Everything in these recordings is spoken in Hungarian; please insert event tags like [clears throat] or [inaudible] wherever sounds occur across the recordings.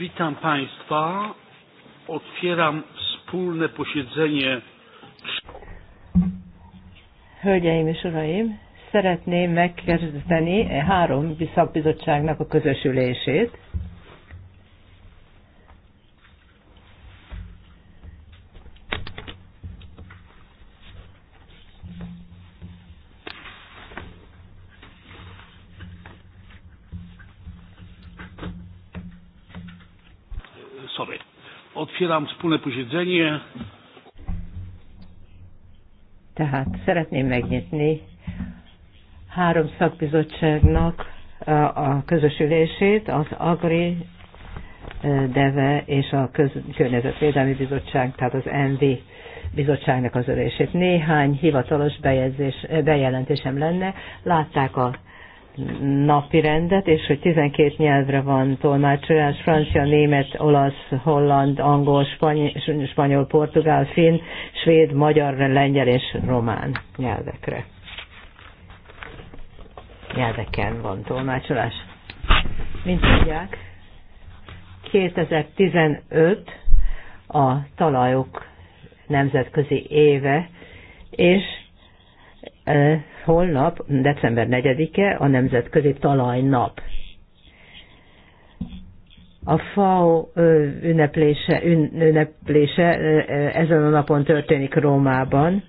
Witam Państwa. Otwieram wspólne posiedzenie. Hölgyeim és Uraim, szeretném megkezdeni három szakbizottságnak a közösülését. Otwieram wspólne posiedzenie. Tehát szeretném megnyitni három szakbizottságnak a közös ülését, az Agri, DEVE és a Köz- Környezetvédelmi Bizottság, tehát az NV bizottságnak az ülését. Néhány hivatalos bejegyzés, bejelentésem lenne. Látták a napi rendet, és hogy 12 nyelvre van tolmácsolás, francia, német, olasz, holland, angol, spanyol, spanyol portugál, finn, svéd, magyar, lengyel és román nyelvekre. Nyelveken van tolmácsolás. Mint tudják, 2015 a talajok nemzetközi éve, és holnap, december 4-e a Nemzetközi Talajnap. A FAO ünneplése, ünneplése ezen a napon történik Rómában,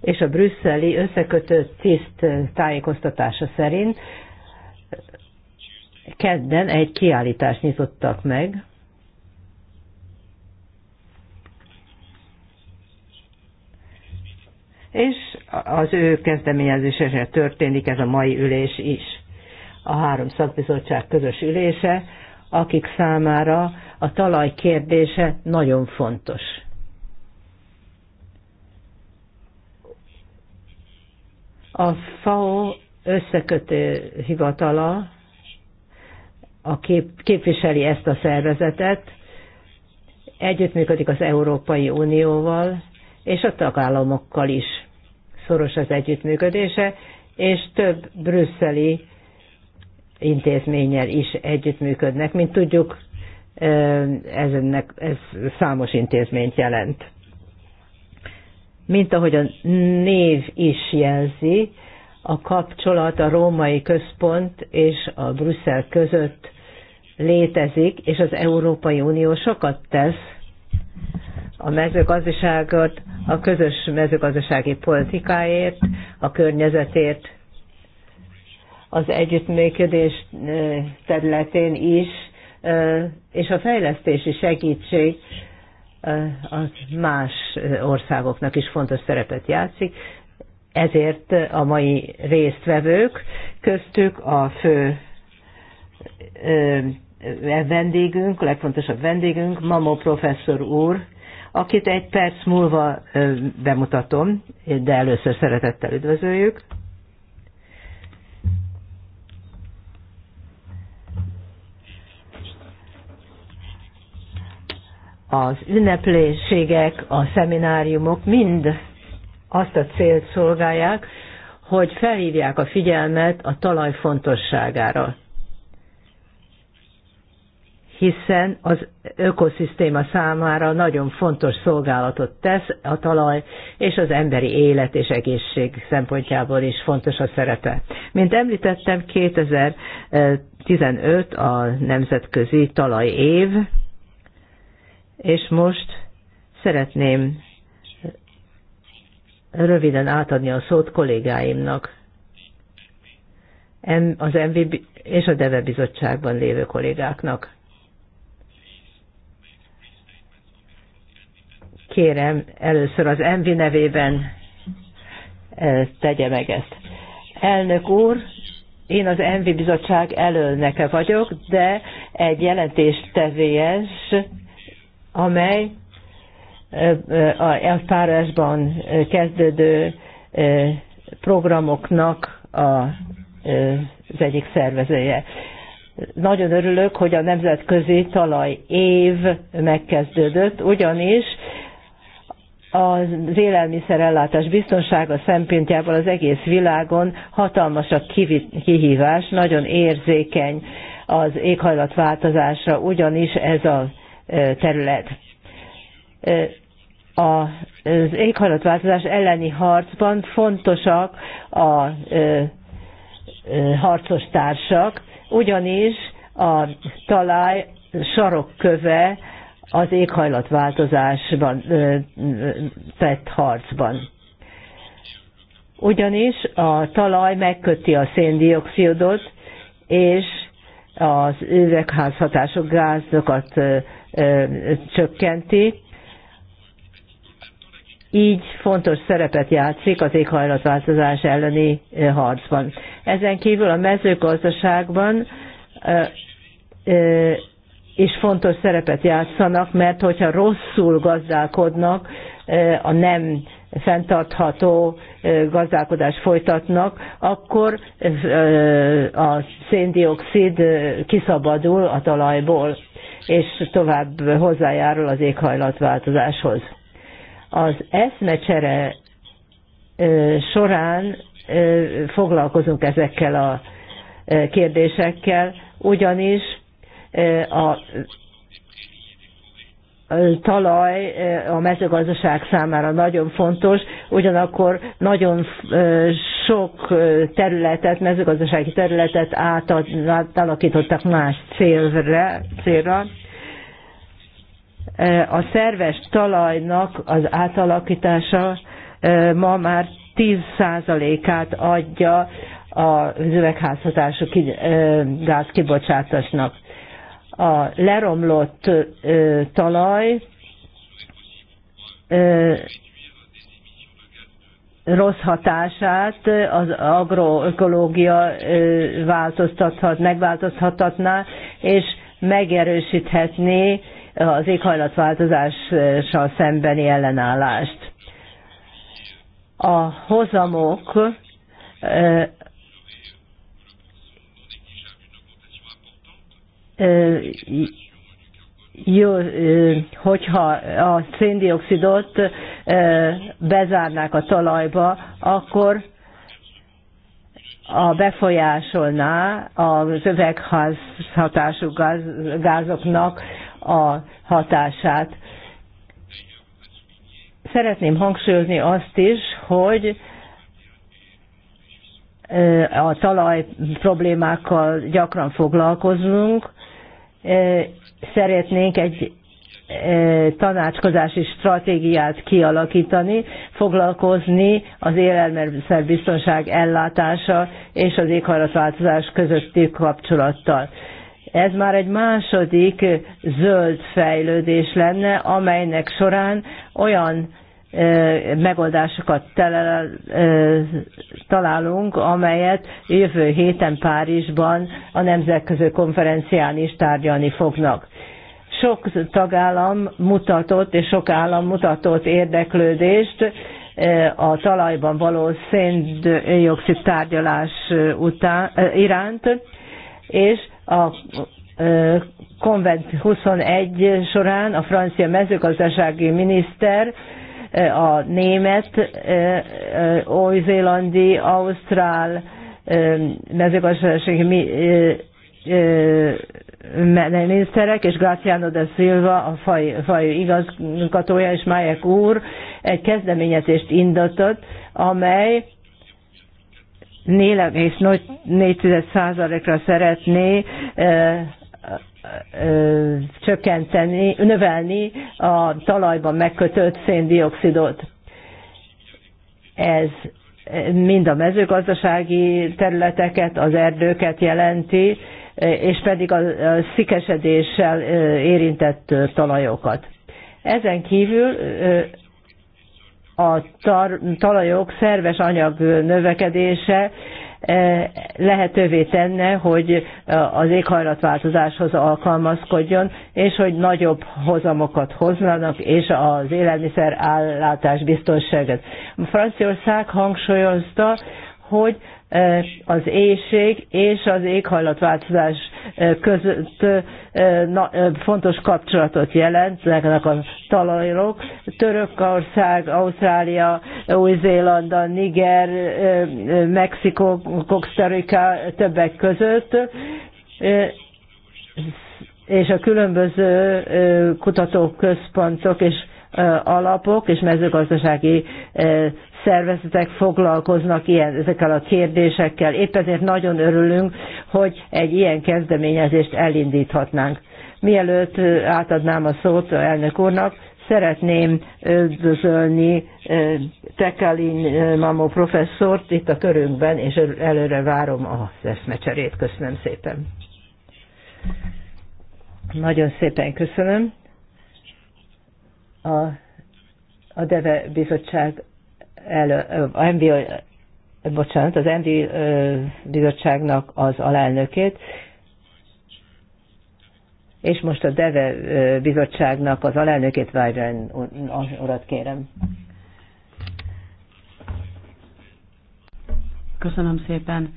és a brüsszeli összekötött tiszt tájékoztatása szerint kedden egy kiállítást nyitottak meg, és az ő kezdeményezésére történik ez a mai ülés is. A három szakbizottság közös ülése, akik számára a talaj kérdése nagyon fontos. A FAO összekötő hivatala a kép, képviseli ezt a szervezetet, együttműködik az Európai Unióval, és a tagállamokkal is szoros az együttműködése, és több brüsszeli intézménnyel is együttműködnek. Mint tudjuk, ez, ennek, ez számos intézményt jelent. Mint ahogy a név is jelzi, a kapcsolat a római központ és a Brüsszel között létezik, és az Európai Unió sokat tesz a mezőgazdaságot, a közös mezőgazdasági politikáért, a környezetért, az együttműködés területén is, és a fejlesztési segítség az más országoknak is fontos szerepet játszik. Ezért a mai résztvevők köztük a fő vendégünk, legfontosabb vendégünk, Mamo professzor úr, akit egy perc múlva bemutatom, de először szeretettel üdvözöljük. Az ünnepléségek, a szemináriumok mind azt a célt szolgálják, hogy felhívják a figyelmet a talaj fontosságára hiszen az ökoszisztéma számára nagyon fontos szolgálatot tesz a talaj, és az emberi élet és egészség szempontjából is fontos a szerepe. Mint említettem, 2015 a nemzetközi talajév, és most szeretném röviden átadni a szót kollégáimnak, az MVB és a DEVE bizottságban lévő kollégáknak. Kérem, először az Envi nevében tegye meg ezt. Elnök úr, én az Envi bizottság elölneke vagyok, de egy jelentést tevélyes, amely a párásban kezdődő programoknak a, az egyik szervezője. Nagyon örülök, hogy a nemzetközi talaj év megkezdődött, ugyanis az élelmiszerellátás biztonsága szempontjából az egész világon hatalmas a kihívás, nagyon érzékeny az éghajlatváltozásra, ugyanis ez a terület. Az éghajlatváltozás elleni harcban fontosak a harcos társak, ugyanis a talaj sarokköve az éghajlatváltozásban tett harcban. Ugyanis a talaj megköti a széndiokszidot, és az üvegházhatások gázokat csökkenti, így fontos szerepet játszik az éghajlatváltozás elleni harcban. Ezen kívül a mezőgazdaságban és fontos szerepet játszanak, mert hogyha rosszul gazdálkodnak, e, a nem fenntartható e, gazdálkodást folytatnak, akkor e, a széndiokszid kiszabadul a talajból, és tovább hozzájárul az éghajlatváltozáshoz. Az eszmecsere során foglalkozunk ezekkel a kérdésekkel, ugyanis a talaj a mezőgazdaság számára nagyon fontos, ugyanakkor nagyon sok területet, mezőgazdasági területet átalakítottak más célra, célra. A szerves talajnak az átalakítása ma már 10%-át adja a üvegházhatású gázkibocsátásnak a leromlott talaj rossz hatását az agroökológia változtathat, megváltoztathatná, és megerősíthetné az éghajlatváltozással szembeni ellenállást. A hozamok jó, hogyha a széndiokszidot bezárnák a talajba, akkor a befolyásolná az üvegházhatású gáz, gázoknak a hatását. Szeretném hangsúlyozni azt is, hogy a talaj problémákkal gyakran foglalkozunk, szeretnénk egy tanácskozási stratégiát kialakítani, foglalkozni az élelmiszerbiztonság ellátása és az éghajlatváltozás közötti kapcsolattal. Ez már egy második zöld fejlődés lenne, amelynek során olyan megoldásokat találunk, amelyet jövő héten Párizsban a nemzetközi konferencián is tárgyalni fognak. Sok tagállam mutatott, és sok állam mutatott érdeklődést a talajban való széndioxid tárgyalás után, iránt, és a Konvent 21 során a francia mezőgazdasági miniszter a német, új-zélandi, ausztrál mezőgazdasági miniszterek, és Graciano de Silva, a faj, faj igazgatója és Májek úr egy kezdeményezést indított, amely 4,4%-ra szeretné csökkenteni, növelni a talajban megkötött széndiokszidot. Ez mind a mezőgazdasági területeket, az erdőket jelenti, és pedig a szikesedéssel érintett talajokat. Ezen kívül a talajok szerves anyag növekedése E, lehetővé tenne, hogy e, az éghajlatváltozáshoz alkalmazkodjon, és hogy nagyobb hozamokat hoznának, és az élelmiszerállátás biztonságot. Franciaország hangsúlyozta, hogy az éjség és az éghajlatváltozás között fontos kapcsolatot jelent, ezeknek a talajok. Törökország, Ausztrália, Új-Zélanda, Niger, Mexikó, Costa többek között és a különböző kutatóközpontok és alapok és mezőgazdasági szervezetek foglalkoznak ilyen, ezekkel a kérdésekkel. Épp ezért nagyon örülünk, hogy egy ilyen kezdeményezést elindíthatnánk. Mielőtt átadnám a szót elnök úrnak, szeretném üdvözölni Tekalin Mamó professzort itt a körünkben, és előre várom a eszmecserét. Köszönöm szépen. Nagyon szépen köszönöm a, a DEVE bizottság elő, a MBO, bocsánat, az MB bizottságnak az alelnökét, és most a DEVE bizottságnak az alelnökét, Vajren urat kérem. Köszönöm szépen.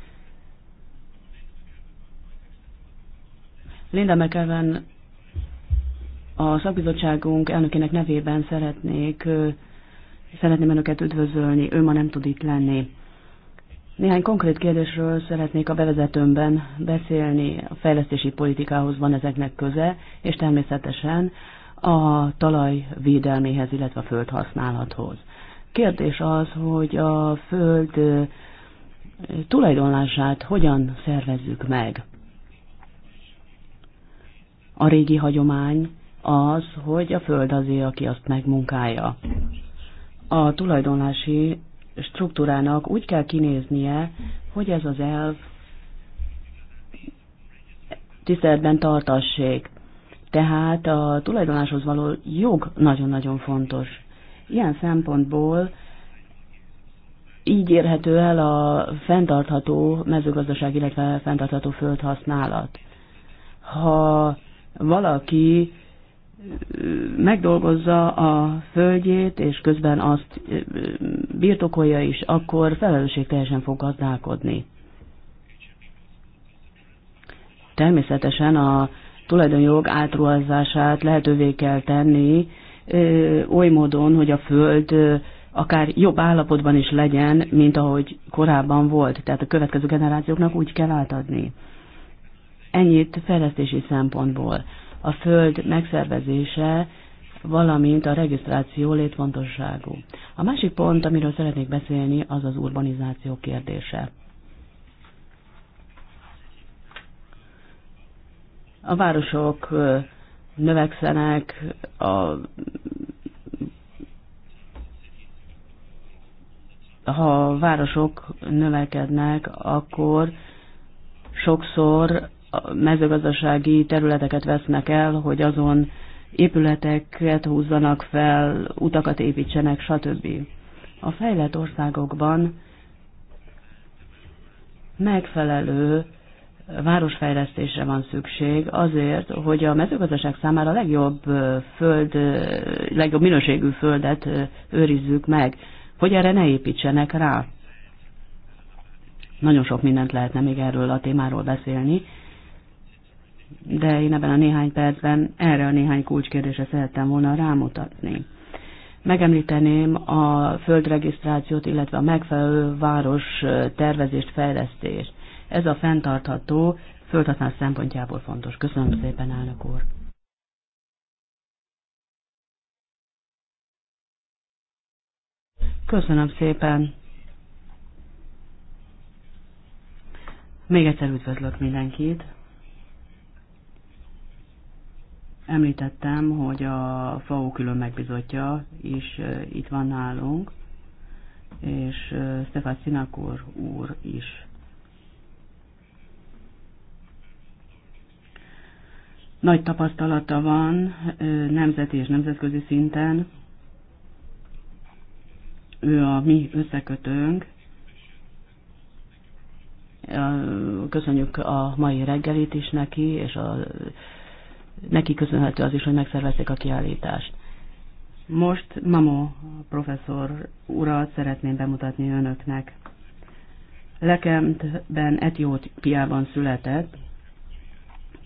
Linda McEwen a szakbizottságunk elnökének nevében szeretnék, szeretném önöket üdvözölni, ő ma nem tud itt lenni. Néhány konkrét kérdésről szeretnék a bevezetőmben beszélni. A fejlesztési politikához van ezeknek köze, és természetesen a talaj védelméhez, illetve a földhasználathoz. Kérdés az, hogy a föld tulajdonlását hogyan szervezzük meg. A régi hagyomány az, hogy a föld azé, aki azt megmunkálja. A tulajdonlási struktúrának úgy kell kinéznie, hogy ez az elv tiszteletben tartassék. Tehát a tulajdonáshoz való jog nagyon-nagyon fontos. Ilyen szempontból így érhető el a fenntartható mezőgazdaság, illetve fenntartható földhasználat. Ha valaki megdolgozza a földjét, és közben azt birtokolja is, akkor felelősségteljesen fog gazdálkodni. Természetesen a tulajdonjog átruházását lehetővé kell tenni oly módon, hogy a föld akár jobb állapotban is legyen, mint ahogy korábban volt. Tehát a következő generációknak úgy kell átadni. Ennyit fejlesztési szempontból a föld megszervezése, valamint a regisztráció létfontosságú. A másik pont, amiről szeretnék beszélni, az az urbanizáció kérdése. A városok növekszenek, a ha a városok növekednek, akkor sokszor mezőgazdasági területeket vesznek el, hogy azon épületeket húzzanak fel, utakat építsenek, stb. A fejlett országokban megfelelő városfejlesztésre van szükség azért, hogy a mezőgazdaság számára a legjobb föld, legjobb minőségű földet őrizzük meg, hogy erre ne építsenek rá. Nagyon sok mindent lehetne még erről a témáról beszélni, de én ebben a néhány percben erre a néhány kulcskérdésre szerettem volna rámutatni. Megemlíteném a földregisztrációt, illetve a megfelelő város tervezést, fejlesztést. Ez a fenntartható földhasználat szempontjából fontos. Köszönöm szépen, elnök úr! Köszönöm szépen! Még egyszer üdvözlök mindenkit! Említettem, hogy a FAO külön megbizotja is itt van nálunk, és Stefan Szinakor úr is. Nagy tapasztalata van nemzeti és nemzetközi szinten. Ő a mi összekötőnk. Köszönjük a mai reggelit is neki, és a neki köszönhető az is, hogy megszervezték a kiállítást. Most Mamo professzor urat szeretném bemutatni önöknek. Lekemtben, Etiópiában született,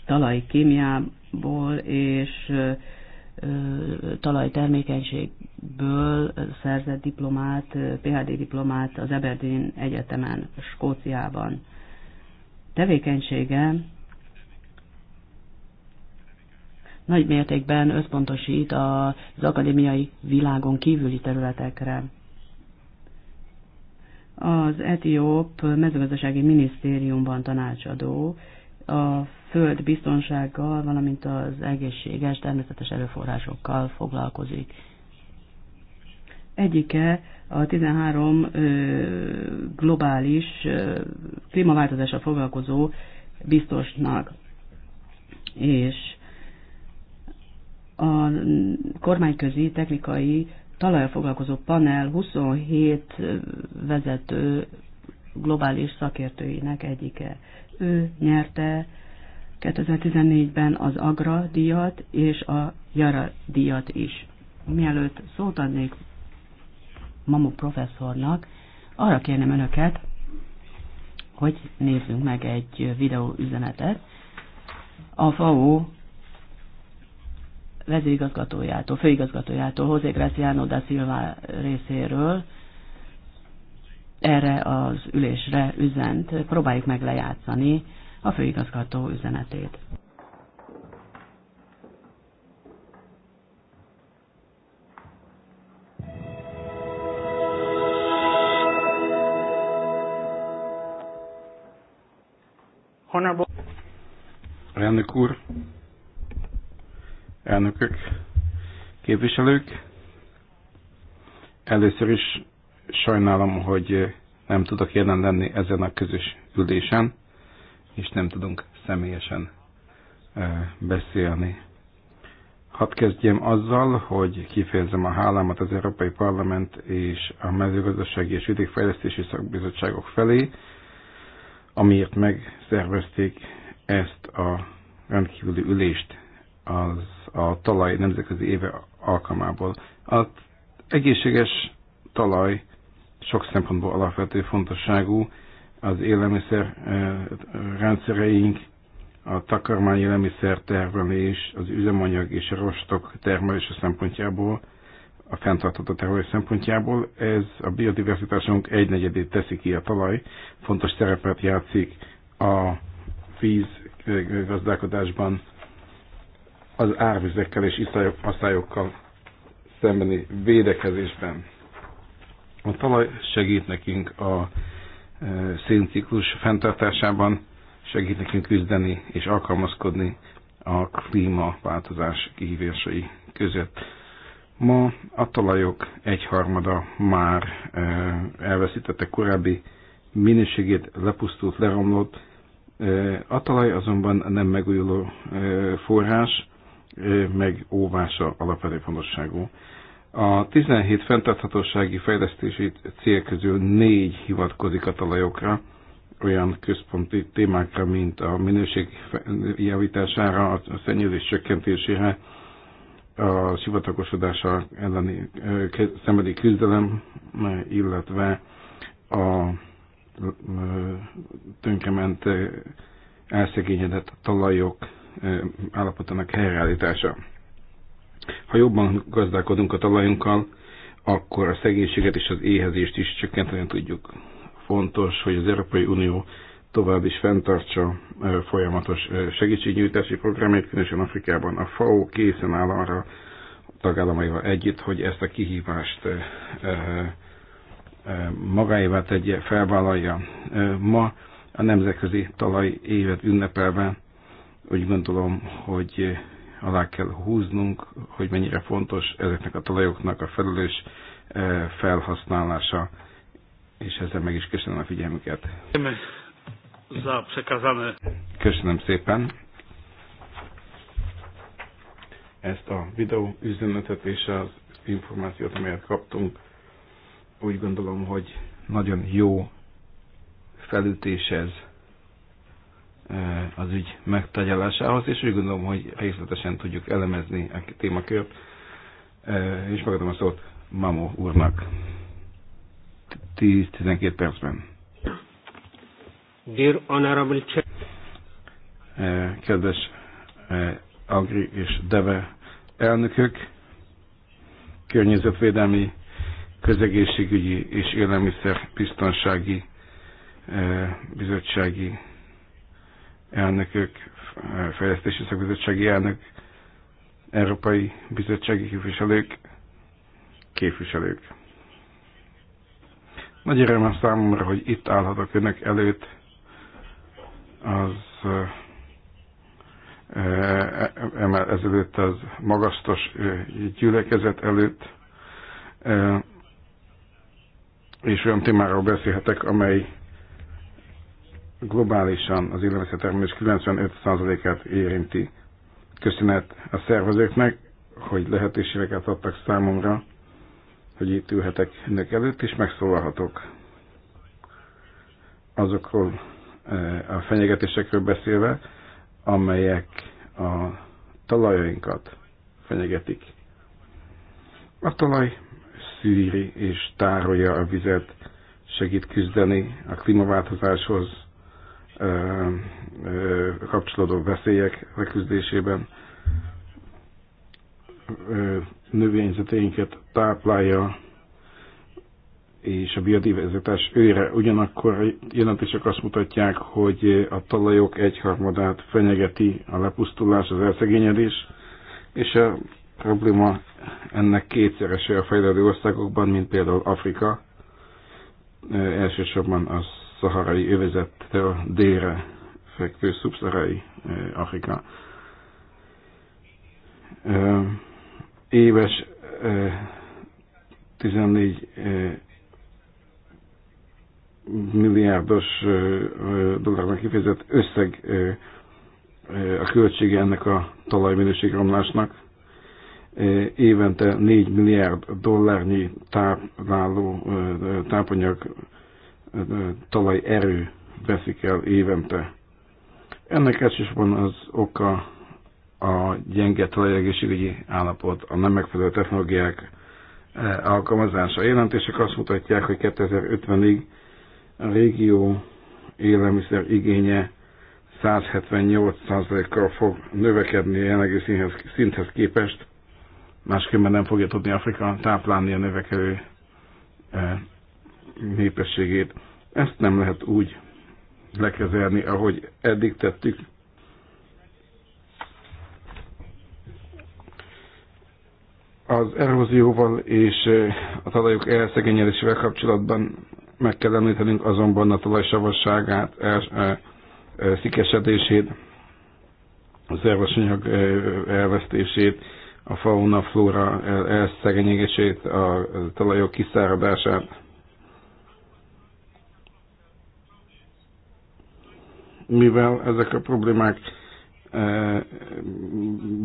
talaj kémiából és talajtermékenységből szerzett diplomát, PhD diplomát az Aberdeen Egyetemen, Skóciában. Tevékenysége nagy mértékben összpontosít az akadémiai világon kívüli területekre. Az etióp mezőgazdasági minisztériumban tanácsadó a föld biztonsággal, valamint az egészséges természetes erőforrásokkal foglalkozik. Egyike a 13 globális ö, klímaváltozással foglalkozó biztosnak, és a kormányközi technikai talajra foglalkozó panel 27 vezető globális szakértőinek egyike. Ő nyerte 2014-ben az Agra díjat és a Jara díjat is. Mielőtt szót adnék Mamu professzornak, arra kérném önöket, hogy nézzünk meg egy videóüzenetet. A FAO vezérigazgatójától, főigazgatójától, José Graciano da Silva részéről erre az ülésre üzent. Próbáljuk meg lejátszani a főigazgató üzenetét. Honorable. Elnök úr, elnökök, képviselők. Először is sajnálom, hogy nem tudok jelen lenni ezen a közös ülésen, és nem tudunk személyesen beszélni. Hadd kezdjem azzal, hogy kifejezem a hálámat az Európai Parlament és a Mezőgazdasági és Vidékfejlesztési Szakbizottságok felé, amiért megszervezték ezt a rendkívüli ülést az a talaj nemzetközi éve alkalmából. Az egészséges talaj sok szempontból alapvető fontosságú, az élelmiszer eh, rendszereink, a takarmány élelmiszer termelés, az üzemanyag és a rostok termelése szempontjából, a fenntartható termelés szempontjából, ez a biodiverzitásunk egynegyedét teszi ki a talaj, fontos szerepet játszik a víz eh, gazdálkodásban, az árvizekkel és iszályokkal szembeni védekezésben. A talaj segít nekünk a e, szénciklus fenntartásában, segít nekünk küzdeni és alkalmazkodni a klímaváltozás kihívásai között. Ma a talajok egyharmada már e, elveszítette korábbi minőségét, lepusztult, leromlott. E, a talaj azonban nem megújuló forrás, megóvása alapvető fontosságú. A 17 fenntarthatósági fejlesztési cél közül négy hivatkozik a talajokra, olyan központi témákra, mint a minőség javítására, a szennyezés csökkentésére, a sivatagosodása elleni szemedi küzdelem, illetve a tönkrement elszegényedett talajok állapotának helyreállítása. Ha jobban gazdálkodunk a talajunkkal, akkor a szegénységet és az éhezést is csökkenteni tudjuk. Fontos, hogy az Európai Unió tovább is fenntartsa folyamatos segítségnyújtási programját, különösen Afrikában. A FAO készen áll arra tagállamaival együtt, hogy ezt a kihívást magáévá tegye, felvállalja. Ma a nemzetközi talaj évet ünnepelve úgy gondolom, hogy alá kell húznunk, hogy mennyire fontos ezeknek a talajoknak a felelős eh, felhasználása, és ezzel meg is köszönöm a figyelmüket. Köszönöm szépen ezt a videó üzenetet és az információt, amelyet kaptunk. Úgy gondolom, hogy nagyon jó felütéshez e, az ügy megtagyalásához, és úgy gondolom, hogy részletesen tudjuk elemezni a témakört, e, és megadom a szót Mamó úrnak 10-12 percben. Dear Honorable Chair. E, kedves Agri és Deve elnökök, környezetvédelmi, közegészségügyi és élelmiszerbiztonsági bizottsági elnökök, fejlesztési szakbizottsági elnök, európai bizottsági képviselők, képviselők. Nagy öröm számomra, hogy itt állhatok önök előtt az e, e, ezelőtt az magasztos gyülekezet előtt, és olyan témáról beszélhetek, amely globálisan az élelmiszertermelés 95%-át érinti. Köszönet a szervezőknek, hogy lehetőségeket adtak számomra, hogy itt ülhetek önök előtt, és megszólalhatok azokról e, a fenyegetésekről beszélve, amelyek a talajainkat fenyegetik. A talaj szűri és tárolja a vizet, segít küzdeni a klímaváltozáshoz, kapcsolódó veszélyek leküzdésében növényzeteinket táplálja, és a biodiverzitás őre. Ugyanakkor jelentések azt mutatják, hogy a talajok egyharmadát fenyegeti a lepusztulás, az elszegényedés, és a probléma ennek kétszerese a fejlődő országokban, mint például Afrika, elsősorban az szaharai övezettől délre fekvő szubszaharai eh, Afrika. Eh, éves 14 eh, milliárdos dollárnak kifejezett összeg a költsége ennek a talajminőségromlásnak. Évente 4 milliárd dollárnyi tápláló tápanyag talaj erő veszik el évente. Ennek elsősorban az oka a gyenge talajegészségügyi állapot, a nem megfelelő technológiák eh, alkalmazása. A jelentések azt mutatják, hogy 2050-ig a régió élelmiszer igénye 178%-kal fog növekedni a jelenlegi szinthez képest, másképpen nem fogja tudni Afrika táplálni a növekedő eh, népességét. Ezt nem lehet úgy lekezelni, ahogy eddig tettük. Az erózióval és a talajok elszegényedésével kapcsolatban meg kell említenünk azonban a savasságát, e, e, e, szikesedését, az ervasanyag elvesztését, a fauna, flóra elszegényegését, a talajok kiszáradását. mivel ezek a problémák e,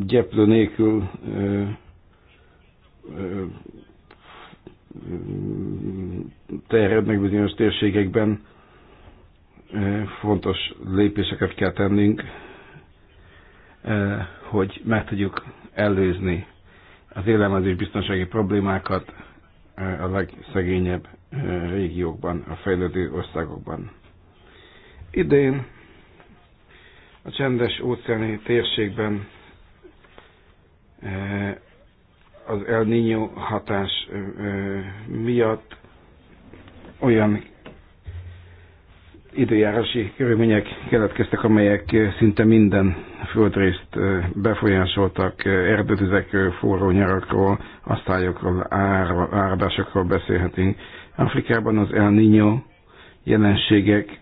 gyeplő nélkül e, e, terjednek bizonyos térségekben, fontos lépéseket kell tennünk, hogy meg tudjuk előzni az élelmezés biztonsági problémákat a legszegényebb régiókban, a fejlődő országokban. Idén a csendes óceáni térségben eh, az El Niño hatás eh, eh, miatt olyan időjárási körülmények keletkeztek, amelyek szinte minden földrészt befolyásoltak, erdőtüzekről, forró nyarakról, asztályokról, áradásokról beszélhetünk. Afrikában az El Niño jelenségek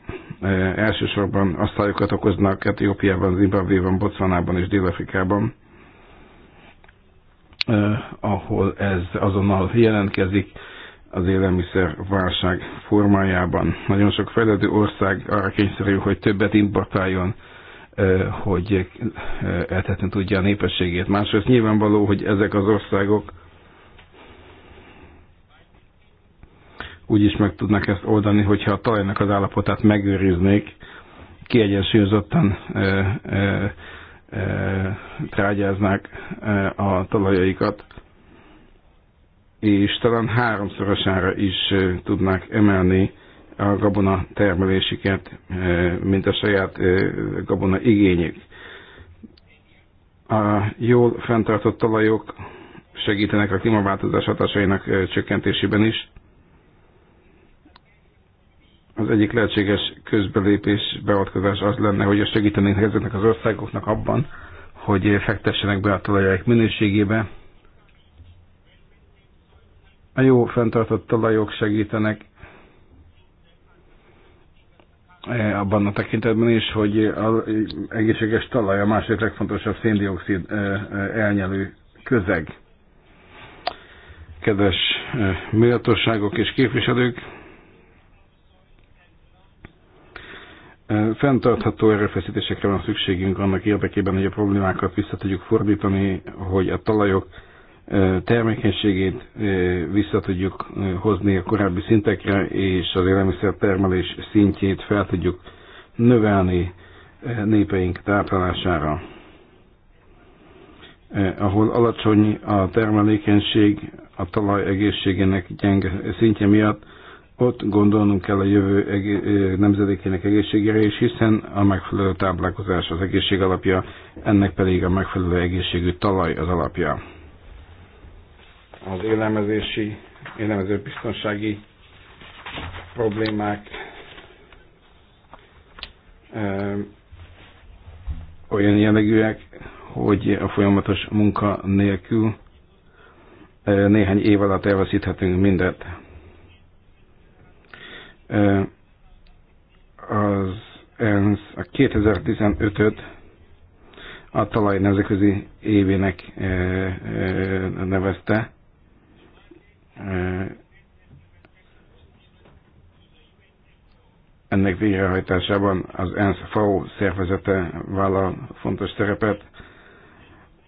elsősorban asztályokat okoznak Etiópiában, Zimbabvéban, Botswanában és Dél-Afrikában, ahol ez azonnal jelentkezik az élelmiszer válság formájában. Nagyon sok fejlődő ország arra kényszerül, hogy többet importáljon, hogy etetni tudja a népességét. Másrészt nyilvánvaló, hogy ezek az országok úgy is meg tudnak ezt oldani, hogyha a talajnak az állapotát megőriznék, kiegyensúlyozottan e, e, e, trágyáznák a talajaikat, és talán háromszorosára is ö, tudnák emelni a gabona termelésüket, ö, mint a saját gabona igényük. A jól fenntartott talajok segítenek a klímaváltozás hatásainak csökkentésében is, az egyik lehetséges közbelépés, beavatkozás az lenne, hogy segítenénk ezeknek az országoknak abban, hogy fektessenek be a talajaik minőségébe. A jó fenntartott talajok segítenek e, abban a tekintetben is, hogy az egészséges talaj a másik legfontosabb széndiokszid e, e, elnyelő közeg. Kedves méltóságok és képviselők, Fenntartható erőfeszítésekre van szükségünk annak érdekében, hogy a problémákat vissza tudjuk fordítani, hogy a talajok termékenységét vissza tudjuk hozni a korábbi szintekre, és az termelés szintjét fel tudjuk növelni népeink táplálására. Ahol alacsony a termelékenység a talaj egészségének gyenge szintje miatt, ott gondolnunk kell a jövő egé- nemzedékének egészségére is, hiszen a megfelelő táplálkozás az egészség alapja, ennek pedig a megfelelő egészségű talaj az alapja. Az élelmezési, biztonsági problémák ö, olyan jellegűek, hogy a folyamatos munka nélkül ö, néhány év alatt elveszíthetünk mindet az ENSZ a 2015-öt a talaj nemzetközi évének e, e, nevezte. E, ennek végrehajtásában az ENSZ FAO szervezete vállal fontos szerepet,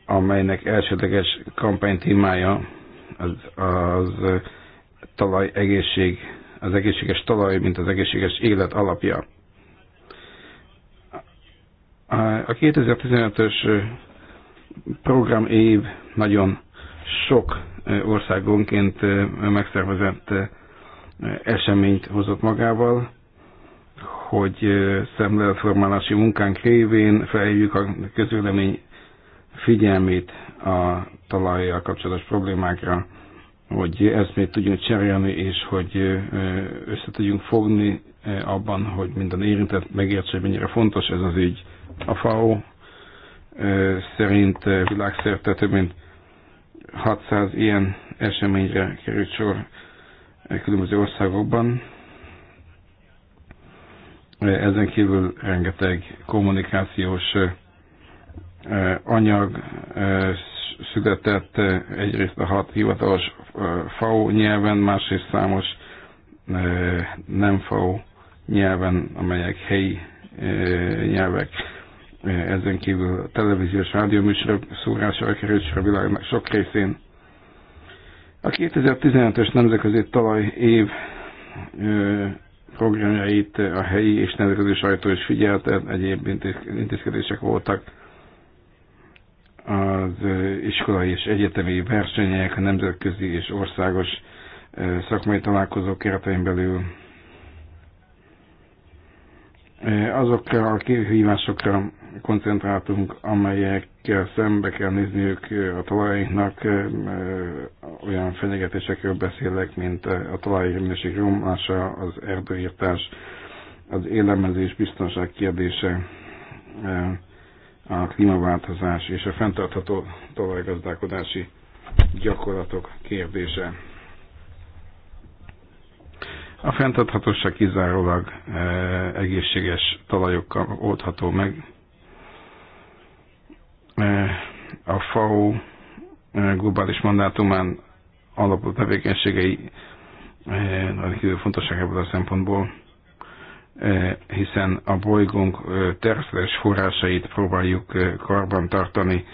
amelynek elsődleges kampány témája az, az talaj egészség az egészséges talaj, mint az egészséges élet alapja. A 2015-ös program év nagyon sok országonként megszervezett eseményt hozott magával, hogy szemléletformálási munkánk révén felhívjuk a közvélemény figyelmét a talajjal kapcsolatos problémákra hogy eszmét tudjunk cserélni, és hogy össze tudjunk fogni abban, hogy minden érintett megértse, hogy mennyire fontos ez az ügy. A FAO szerint világszerte több mint 600 ilyen eseményre került sor különböző országokban. Ezen kívül rengeteg kommunikációs anyag született eh, egyrészt a hat hivatalos eh, FAO nyelven, másrészt számos eh, nem FAO nyelven, amelyek helyi nyelvek. Ezen kívül a televíziós rádióműsorok szórására került a világ sok részén. A 2015-ös nemzetközi talaj év programjait a helyi és nemzetközi sajtó is figyelte, egyéb intézkedések voltak az iskolai és egyetemi versenyek, a nemzetközi és országos szakmai találkozók keretein belül azokra a kihívásokra koncentráltunk, amelyekkel szembe kell nézniük a talajainknak, olyan fenyegetésekről beszélek, mint a talaj minőség romlása, az erdőírtás, az élelmezés biztonság kérdése, a klímaváltozás és a fenntartható talajgazdálkodási gyakorlatok kérdése. A fenntarthatóság kizárólag e, egészséges talajokkal oldható meg. E, a FAO e, globális mandátumán alapú tevékenységei e, nagyon fontosságából a szempontból Eh, hiszen a bolygónk eh, terves forrásait próbáljuk eh, karban tartani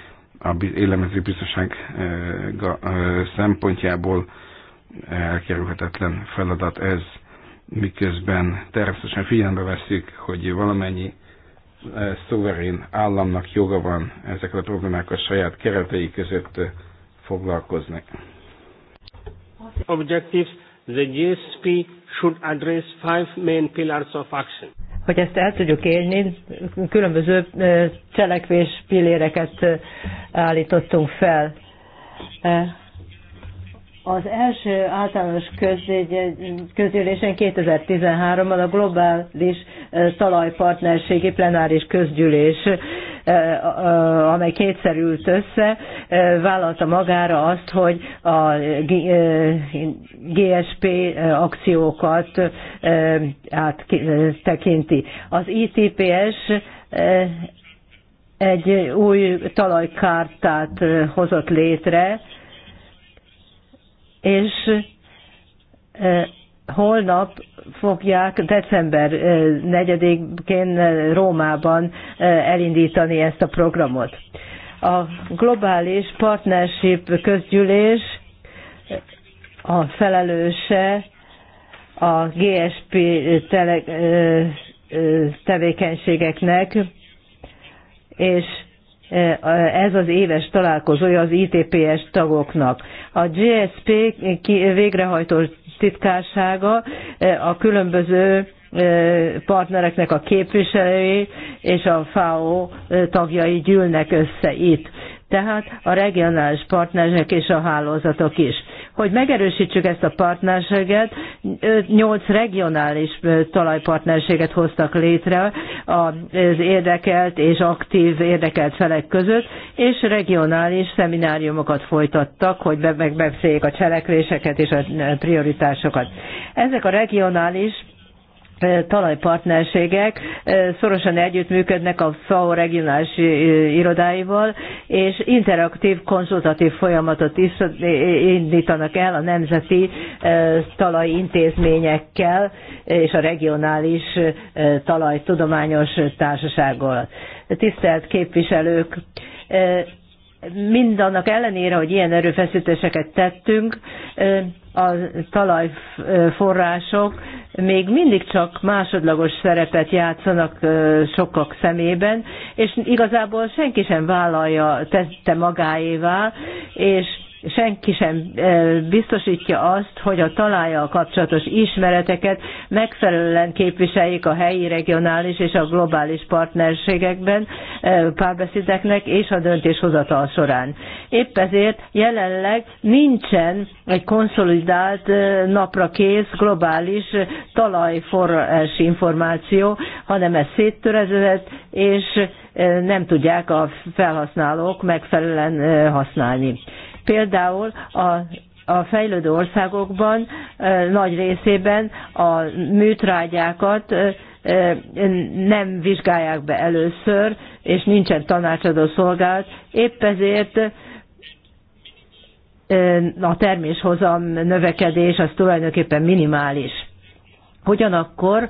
a élelmező biztonság szempontjából elkerülhetetlen feladat ez, miközben természetesen figyelembe veszük, hogy valamennyi szuverén államnak joga van ezek a a saját keretei között foglalkozni. Objectives The GSP should address five main pillars of action. Hogy ezt el tudjuk élni, különböző cselekvés pilléreket állítottunk fel az első általános közgyűlésen 2013-ban a globális talajpartnerségi plenáris közgyűlés, amely kétszer ült össze, vállalta magára azt, hogy a GSP akciókat áttekinti. Az ITPS egy új talajkártát hozott létre, és holnap fogják december 4-én Rómában elindítani ezt a programot. A globális partnership közgyűlés a felelőse a GSP tele, tevékenységeknek, és Eh, ez az éves találkozója az ITPS tagoknak. A GSP végrehajtó titkársága eh, a különböző eh, partnereknek a képviselői és a FAO tagjai gyűlnek össze itt. Tehát a regionális partnerek és a hálózatok is hogy megerősítsük ezt a partnerséget, nyolc regionális talajpartnerséget hoztak létre az érdekelt és aktív érdekelt felek között, és regionális szemináriumokat folytattak, hogy megbeszéljék a cselekvéseket és a prioritásokat. Ezek a regionális talajpartnerségek szorosan együttműködnek a FAO regionális irodáival, és interaktív, konzultatív folyamatot is indítanak el a nemzeti talajintézményekkel és a regionális talajtudományos társasággal. Tisztelt képviselők! Mindannak ellenére, hogy ilyen erőfeszítéseket tettünk, a talajforrások még mindig csak másodlagos szerepet játszanak sokak szemében, és igazából senki sem vállalja tette magáévá, és senki sem eh, biztosítja azt, hogy a talája kapcsolatos ismereteket megfelelően képviseljék a helyi, regionális és a globális partnerségekben, eh, párbeszédeknek és a döntéshozatal során. Épp ezért jelenleg nincsen egy konszolidált eh, naprakész globális talajforrás információ, hanem ez széttörezett, és nem tudják a felhasználók megfelelően használni. Például a a fejlődő országokban nagy részében a műtrágyákat nem vizsgálják be először, és nincsen tanácsadó szolgálat. Épp ezért a terméshozam növekedés az tulajdonképpen minimális. Ugyanakkor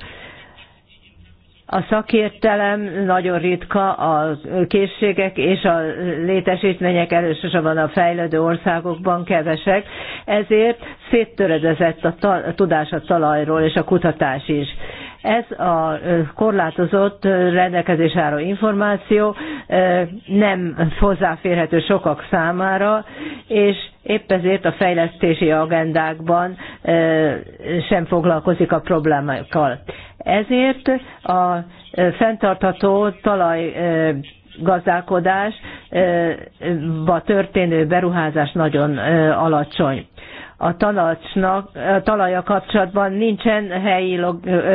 a szakértelem nagyon ritka, a készségek és a létesítmények elősorban a fejlődő országokban kevesek, ezért széttöredezett a, a tudás a talajról és a kutatás is ez a korlátozott rendelkezés álló információ nem hozzáférhető sokak számára, és épp ezért a fejlesztési agendákban sem foglalkozik a problémákkal. Ezért a fenntartható talaj gazdálkodásba történő beruházás nagyon alacsony a tanácsnak, a talaja kapcsolatban nincsen helyi,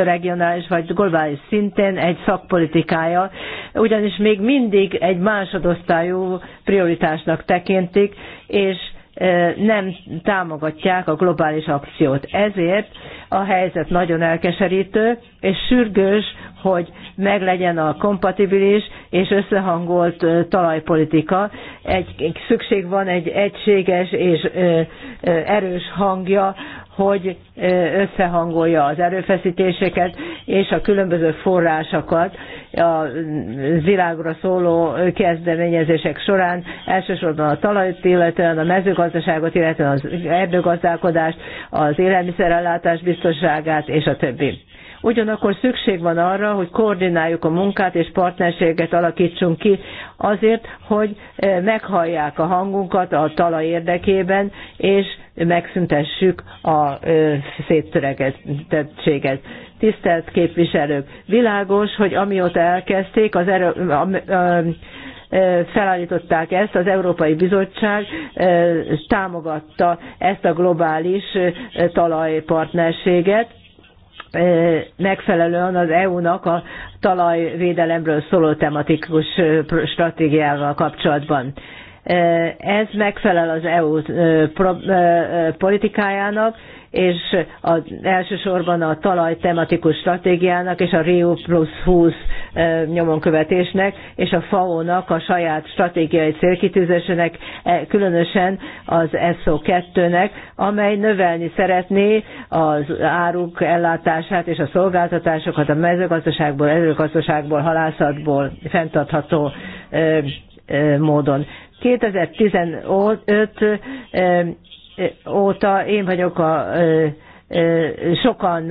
regionális vagy globális szinten egy szakpolitikája, ugyanis még mindig egy másodosztályú prioritásnak tekintik, és e, nem támogatják a globális akciót. Ezért a helyzet nagyon elkeserítő, és sürgős hogy meglegyen a kompatibilis és összehangolt talajpolitika. Egy, szükség van egy egységes és erős hangja, hogy összehangolja az erőfeszítéseket és a különböző forrásokat a világra szóló kezdeményezések során, elsősorban a talajt, illetően a mezőgazdaságot, illetően az erdőgazdálkodást, az élelmiszerellátás biztonságát és a többi Ugyanakkor szükség van arra, hogy koordináljuk a munkát és partnerséget alakítsunk ki azért, hogy e, meghallják a hangunkat a talaj érdekében, és megszüntessük a e, széttöregedettséget. Tisztelt képviselők, világos, hogy amióta elkezdték, az erő, a, a, e, felállították ezt, az Európai Bizottság támogatta ezt a globális talajpartnerséget, megfelelően az EU-nak a talajvédelemről szóló tematikus stratégiával kapcsolatban. Ez megfelel az EU politikájának, és a, elsősorban a talaj tematikus stratégiának és a Rio Plus 20 e, nyomon követésnek és a FAO-nak a saját stratégiai célkitűzésének, e, különösen az SO2-nek, amely növelni szeretné az áruk ellátását és a szolgáltatásokat a mezőgazdaságból, ezőgazdaságból, halászatból fenntartható e, e, módon. 2015 óta én vagyok a sokan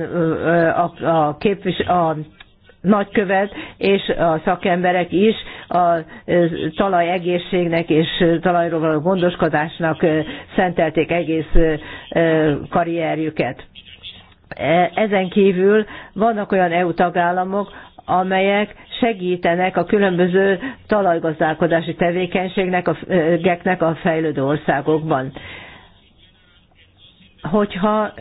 a, a, képvis, a nagykövet és a szakemberek is a talajegészségnek és talajról való gondoskodásnak szentelték egész karrierjüket. E, ezen kívül vannak olyan EU tagállamok, amelyek segítenek a különböző talajgazdálkodási tevékenységnek, a, a fejlődő országokban hogyha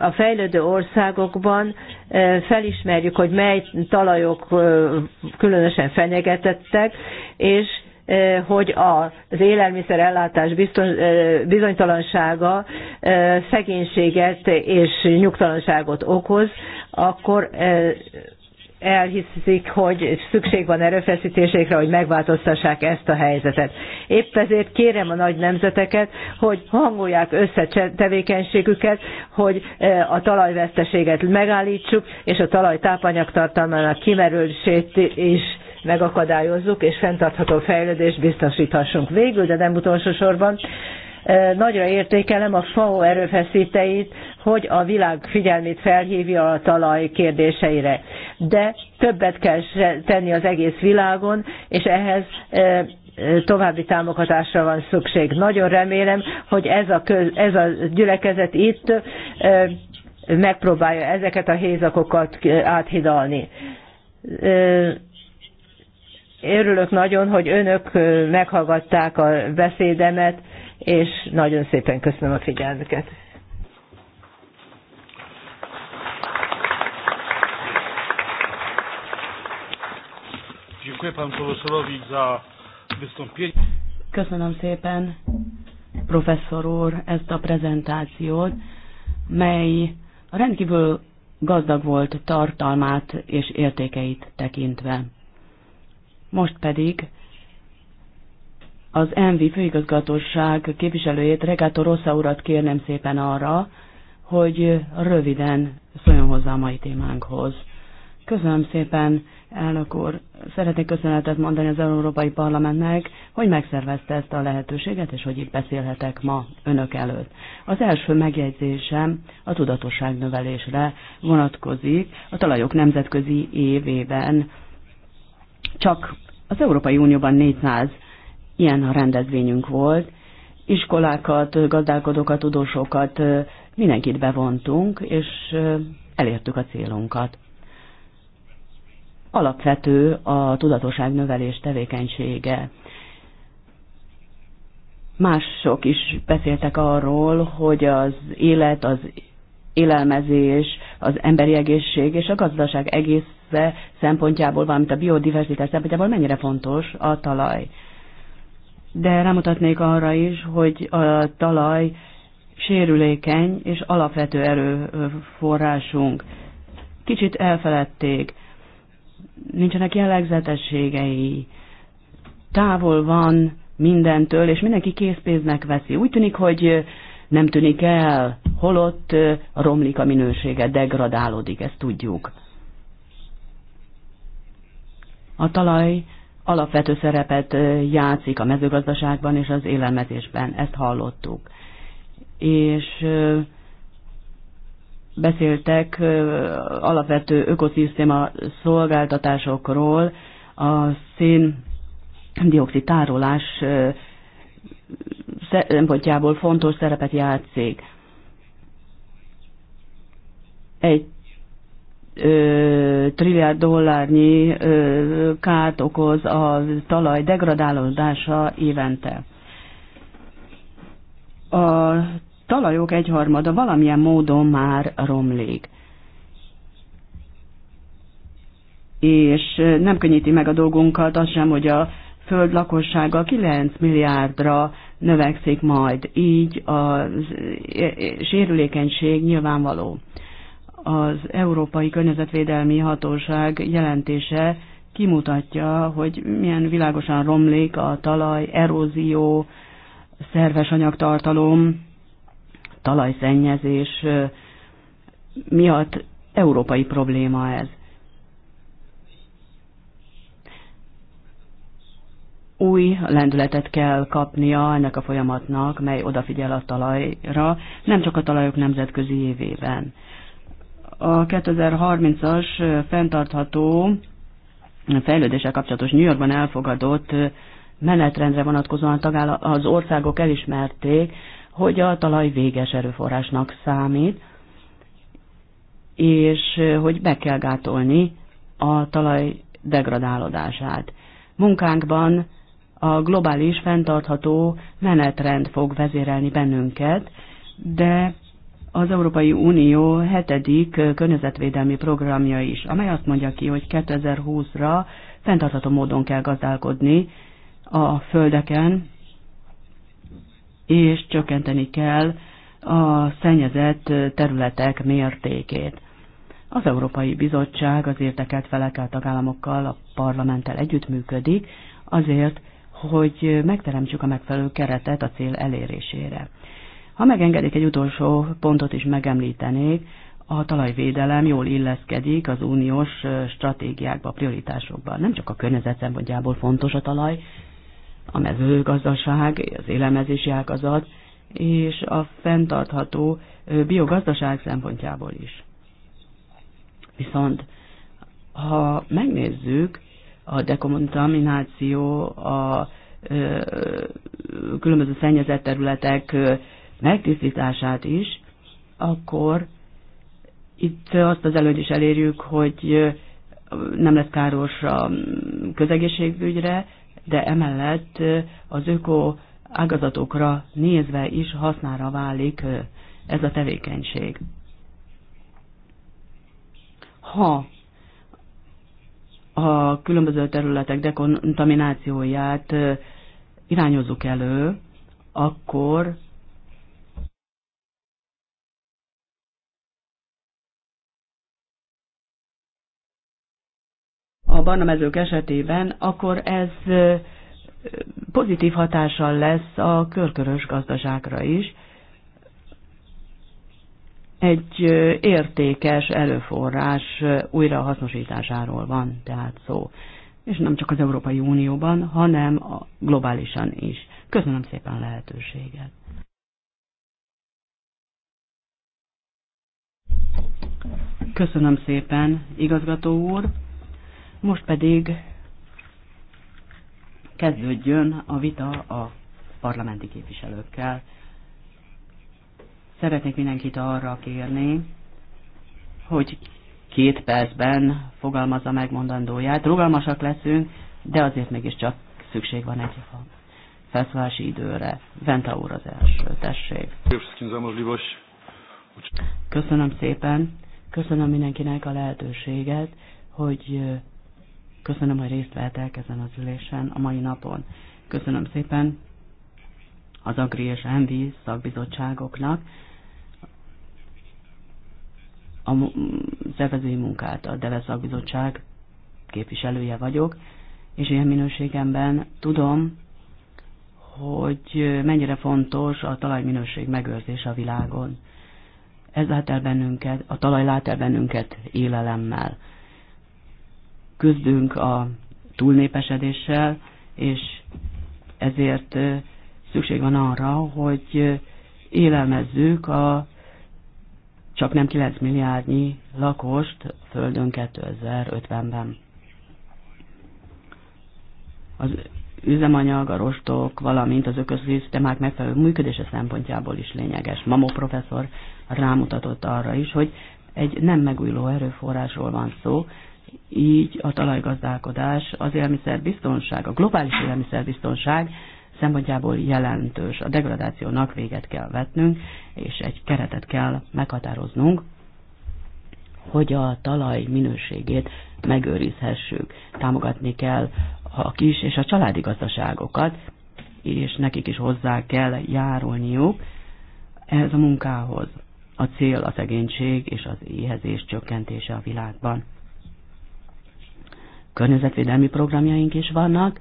a fejlődő országokban felismerjük, hogy mely talajok különösen fenyegetettek, és hogy az élelmiszer ellátás bizonytalansága szegénységet és nyugtalanságot okoz, akkor elhiszik, hogy szükség van erőfeszítésekre, hogy megváltoztassák ezt a helyzetet. Épp ezért kérem a nagy nemzeteket, hogy hangolják össze tevékenységüket, hogy e, a talajveszteséget megállítsuk, és a talaj tápanyagtartalmának kimerülését is megakadályozzuk, és fenntartható fejlődést biztosíthassunk. Végül, de nem utolsó sorban, Nagyra értékelem a FAO erőfeszíteit, hogy a világ figyelmét felhívja a talaj kérdéseire. De többet kell tenni az egész világon, és ehhez további támogatásra van szükség. Nagyon remélem, hogy ez a, köz, ez a gyülekezet itt megpróbálja ezeket a hézakokat áthidalni. Örülök nagyon, hogy önök meghallgatták a beszédemet, és nagyon szépen köszönöm a figyelmüket. Köszönöm szépen, professzor úr, ezt a prezentációt, mely rendkívül gazdag volt tartalmát és értékeit tekintve. Most pedig az MV főigazgatóság képviselőjét, Regátor Rossza urat kérnem szépen arra, hogy röviden szóljon hozzá a mai témánkhoz. Köszönöm szépen, elnök úr. Szeretnék köszönetet mondani az Európai Parlamentnek, hogy megszervezte ezt a lehetőséget, és hogy itt beszélhetek ma önök előtt. Az első megjegyzésem a tudatosság növelésre vonatkozik a talajok nemzetközi évében. Csak az Európai Unióban 400 Ilyen a rendezvényünk volt. Iskolákat, gazdálkodókat, tudósokat, mindenkit bevontunk, és elértük a célunkat. Alapvető a tudatosság növelés tevékenysége. Mások is beszéltek arról, hogy az élet, az élelmezés, az emberi egészség és a gazdaság egész szempontjából, valamint a biodiverzitás szempontjából mennyire fontos a talaj de rámutatnék arra is, hogy a talaj sérülékeny és alapvető erőforrásunk. Kicsit elfeledték, nincsenek jellegzetességei, távol van mindentől, és mindenki készpénznek veszi. Úgy tűnik, hogy nem tűnik el, holott romlik a minősége, degradálódik, ezt tudjuk. A talaj alapvető szerepet játszik a mezőgazdaságban és az élelmezésben, ezt hallottuk. És beszéltek alapvető ökoszisztéma szolgáltatásokról, a szén-dioxid tárolás szempontjából fontos szerepet játszik. Egy trilliárd dollárnyi kárt okoz a talaj degradálódása évente. A talajok egyharmada valamilyen módon már romlik. És nem könnyíti meg a dolgunkat az sem, hogy a föld lakossága 9 milliárdra növekszik majd, így a sérülékenység nyilvánvaló. Az Európai Környezetvédelmi Hatóság jelentése kimutatja, hogy milyen világosan romlik a talaj, erózió, szerves anyagtartalom, talajszennyezés miatt európai probléma ez. új lendületet kell kapnia ennek a folyamatnak, mely odafigyel a talajra, nem csak a talajok nemzetközi évében a 2030-as fenntartható fejlődéssel kapcsolatos New Yorkban elfogadott menetrendre vonatkozóan az országok elismerték, hogy a talaj véges erőforrásnak számít, és hogy be kell gátolni a talaj degradálódását. Munkánkban a globális fenntartható menetrend fog vezérelni bennünket, de az Európai Unió hetedik környezetvédelmi programja is, amely azt mondja ki, hogy 2020-ra fenntartható módon kell gazdálkodni a földeken, és csökkenteni kell a szennyezett területek mértékét. Az Európai Bizottság az érdekelt felekkel tagállamokkal, a parlamenttel együttműködik, azért, hogy megteremtsük a megfelelő keretet a cél elérésére. Ha megengedik, egy utolsó pontot is megemlítenék. A talajvédelem jól illeszkedik az uniós stratégiákba, prioritásokba. Nem csak a környezet szempontjából fontos a talaj, a mezőgazdaság, az élelmezési ágazat, és a fenntartható biogazdaság szempontjából is. Viszont, ha megnézzük a dekontamináció, a különböző szennyezett területek megtisztítását is, akkor itt azt az előnyt is elérjük, hogy nem lesz káros a közegészségügyre, de emellett az öko ágazatokra nézve is hasznára válik ez a tevékenység. Ha a különböző területek dekontaminációját irányozzuk elő, akkor a barnamezők esetében, akkor ez pozitív hatással lesz a körkörös gazdaságra is. Egy értékes előforrás újrahasznosításáról van tehát szó. És nem csak az Európai Unióban, hanem a globálisan is. Köszönöm szépen a lehetőséget. Köszönöm szépen, igazgató úr. Most pedig kezdődjön a vita a parlamenti képviselőkkel. Szeretnék mindenkit arra kérni, hogy két percben fogalmazza meg mondandóját. Rugalmasak leszünk, de azért mégiscsak szükség van egy felszólási időre. Venta úr az első, tessék. Köszönöm szépen, köszönöm mindenkinek a lehetőséget, hogy Köszönöm, hogy részt vehetek ezen az ülésen a mai napon. Köszönöm szépen az Agri és Envi szakbizottságoknak a szervezői munkát, a Deve szakbizottság képviselője vagyok, és ilyen minőségemben tudom, hogy mennyire fontos a talajminőség megőrzése a világon. Ez lát el bennünket, a talaj lát el bennünket élelemmel küzdünk a túlnépesedéssel, és ezért szükség van arra, hogy élelmezzük a csak nem 9 milliárdnyi lakost Földön 2050-ben. Az üzemanyag, a rostok, valamint az ökoszisztémák megfelelő működése szempontjából is lényeges. Mamó professzor rámutatott arra is, hogy egy nem megújuló erőforrásról van szó, így a talajgazdálkodás, az élelmiszerbiztonság, a globális élelmiszerbiztonság szempontjából jelentős. A degradációnak véget kell vetnünk, és egy keretet kell meghatároznunk, hogy a talaj minőségét megőrizhessük. Támogatni kell a kis és a családi gazdaságokat, és nekik is hozzá kell járulniuk ehhez a munkához. A cél a szegénység és az éhezés csökkentése a világban környezetvédelmi programjaink is vannak.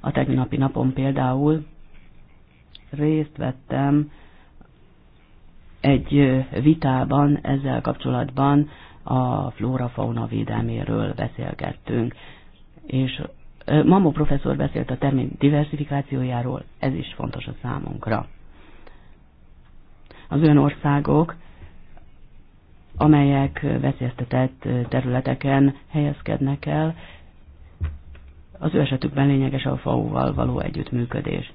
A tegnapi napon például részt vettem egy vitában ezzel kapcsolatban a flóra-fauna védelméről beszélgettünk, és Mamó professzor beszélt a termény diversifikációjáról, ez is fontos a számunkra. Az olyan országok, amelyek veszélyeztetett területeken helyezkednek el, az ő esetükben lényeges a FAO-val való együttműködés.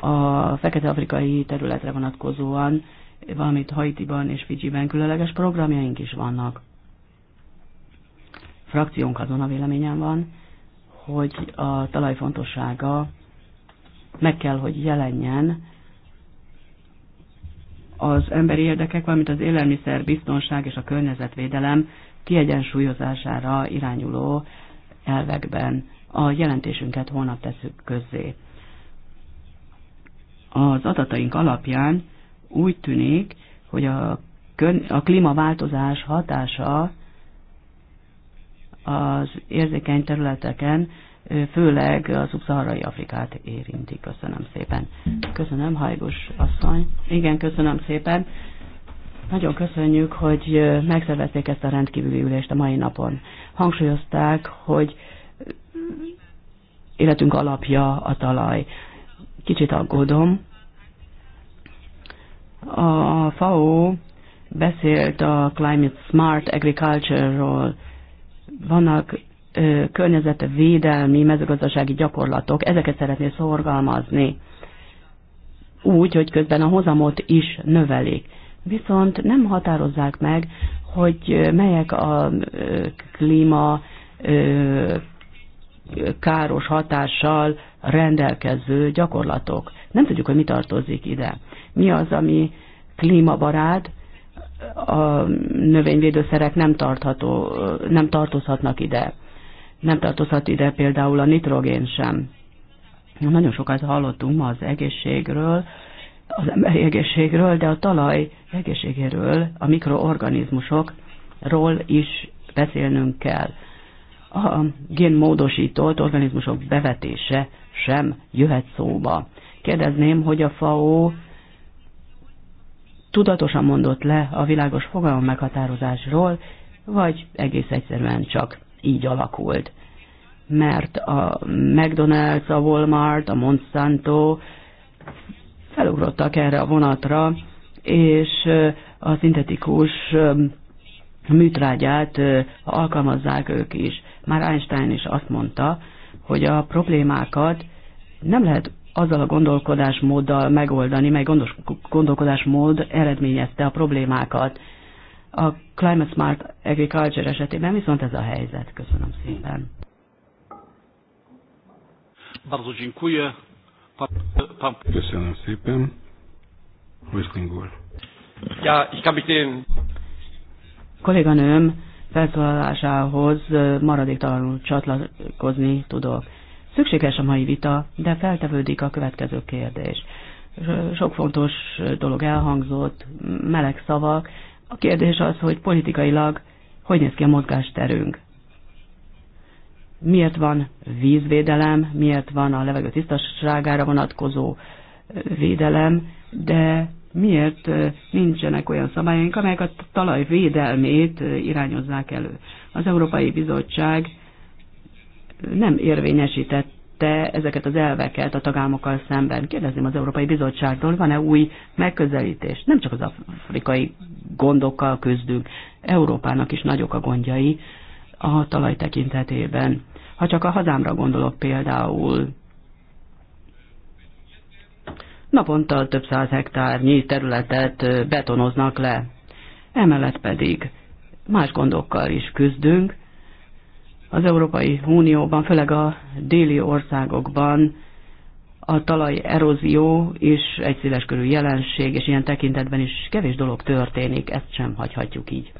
A fekete-afrikai területre vonatkozóan, valamint Haitiban és Fidzsiben különleges programjaink is vannak. Frakciónk azon a véleményen van, hogy a talaj fontossága meg kell, hogy jelenjen az emberi érdekek, valamint az élelmiszer biztonság és a környezetvédelem kiegyensúlyozására irányuló elvekben. A jelentésünket holnap teszük közzé. Az adataink alapján úgy tűnik, hogy a, a klímaváltozás hatása az érzékeny területeken, főleg a szubszaharai Afrikát érinti. Köszönöm szépen. Köszönöm, Hajgos asszony. Igen, köszönöm szépen. Nagyon köszönjük, hogy megszervezték ezt a rendkívüli ülést a mai napon. Hangsúlyozták, hogy életünk alapja a talaj. Kicsit aggódom. A FAO beszélt a Climate Smart Agriculture-ról. Vannak környezetvédelmi, mezőgazdasági gyakorlatok, ezeket szeretné szorgalmazni. Úgy, hogy közben a hozamot is növelik viszont nem határozzák meg, hogy melyek a klíma káros hatással rendelkező gyakorlatok. Nem tudjuk, hogy mi tartozik ide. Mi az, ami klímabarát, a növényvédőszerek nem, tartható, nem tartozhatnak ide. Nem tartozhat ide például a nitrogén sem. Nagyon sokat hallottunk ma az egészségről, az emberi egészségről, de a talaj egészségéről, a mikroorganizmusokról is beszélnünk kell. A génmódosított organizmusok bevetése sem jöhet szóba. Kérdezném, hogy a FAO tudatosan mondott le a világos fogalom meghatározásról, vagy egész egyszerűen csak így alakult. Mert a McDonald's, a Walmart, a Monsanto felugrottak erre a vonatra, és a szintetikus műtrágyát alkalmazzák ők is. Már Einstein is azt mondta, hogy a problémákat nem lehet azzal a gondolkodásmóddal megoldani, mely gondos, gondolkodásmód eredményezte a problémákat. A Climate Smart Agriculture esetében viszont ez a helyzet. Köszönöm szépen. Bardzo dziękuję. Köszönöm szépen. Hoisling úr. Ja, ich kann mich den... Kolléganőm felszólalásához maradéktalanul csatlakozni tudok. Szükséges a mai vita, de feltevődik a következő kérdés. Sok fontos dolog elhangzott, meleg szavak. A kérdés az, hogy politikailag hogy néz ki a mozgásterünk miért van vízvédelem, miért van a levegő tisztaságára vonatkozó védelem, de miért nincsenek olyan szabályaink, amelyek a talaj védelmét irányozzák elő. Az Európai Bizottság nem érvényesítette ezeket az elveket a tagállamokkal szemben. Kérdezném az Európai Bizottságtól, van-e új megközelítés? Nem csak az afrikai gondokkal küzdünk, Európának is nagyok a gondjai a talaj tekintetében. Ha csak a hazámra gondolok például, naponta több száz hektárnyi területet betonoznak le. Emellett pedig más gondokkal is küzdünk. Az Európai Unióban, főleg a déli országokban a talaj erózió is egy körül jelenség, és ilyen tekintetben is kevés dolog történik, ezt sem hagyhatjuk így.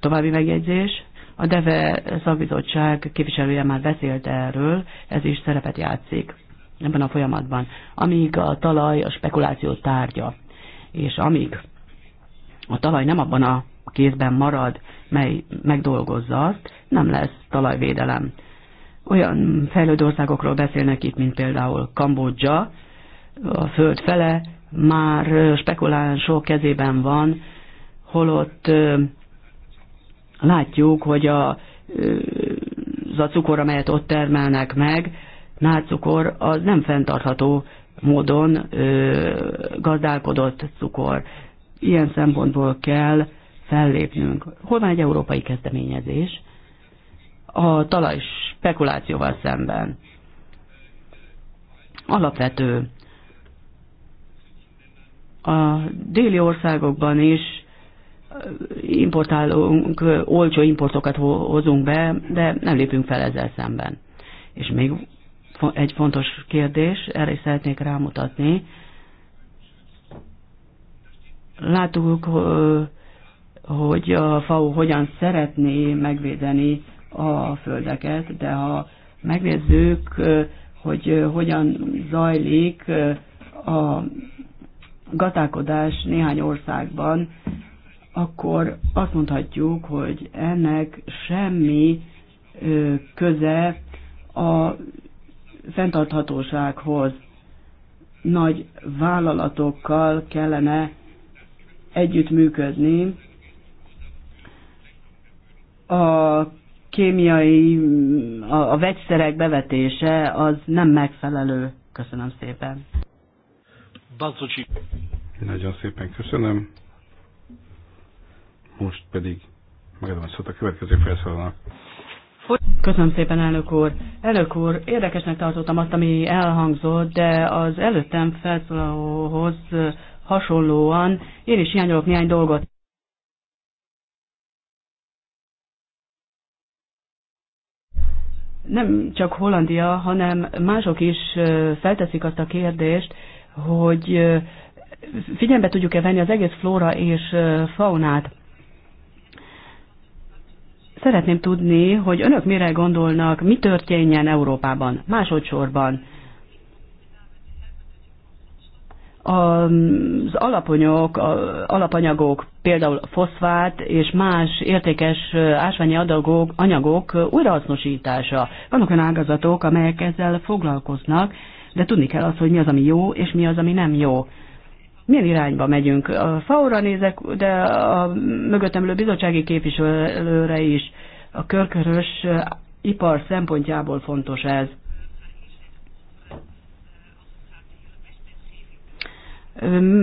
További megjegyzés. A DEVE szakbizottság képviselője már beszélt erről, ez is szerepet játszik ebben a folyamatban. Amíg a talaj a spekuláció tárgya, és amíg a talaj nem abban a kézben marad, mely megdolgozza azt, nem lesz talajvédelem. Olyan fejlődő országokról beszélnek itt, mint például Kambodzsa, a föld fele már spekulánsok kezében van, holott Látjuk, hogy a, az a cukor, amelyet ott termelnek meg, nátszukor, az nem fenntartható módon ö, gazdálkodott cukor. Ilyen szempontból kell fellépnünk. Hol van egy európai kezdeményezés? A talaj spekulációval szemben. Alapvető. A déli országokban is importálunk, olcsó importokat hozunk be, de nem lépünk fel ezzel szemben. És még egy fontos kérdés, erre is szeretnék rámutatni. Láttuk, hogy a FAO hogyan szeretné megvédeni a földeket, de ha megnézzük, hogy hogyan zajlik a gazdálkodás néhány országban, akkor azt mondhatjuk, hogy ennek semmi köze a fenntarthatósághoz. Nagy vállalatokkal kellene együttműködni a kémiai, a, a vegyszerek bevetése az nem megfelelő. Köszönöm szépen. Nagyon szépen köszönöm. Most pedig megadom a szót a következő felszólalnak. Köszönöm szépen, elnök úr. Elnök úr, érdekesnek tartottam azt, ami elhangzott, de az előttem felszólalóhoz hasonlóan én is hiányolok néhány dolgot. Nem csak Hollandia, hanem mások is felteszik azt a kérdést, hogy figyelembe tudjuk-e venni az egész flóra és faunát. Szeretném tudni, hogy önök mire gondolnak, mi történjen Európában, másodszorban. Az alapanyagok, alapanyagok, például foszfát és más értékes ásványi adagok, anyagok újrahasznosítása. Vannak olyan ágazatok, amelyek ezzel foglalkoznak, de tudni kell azt, hogy mi az, ami jó, és mi az, ami nem jó milyen irányba megyünk. A faura nézek, de a lő bizottsági képviselőre is. A körkörös ipar szempontjából fontos ez.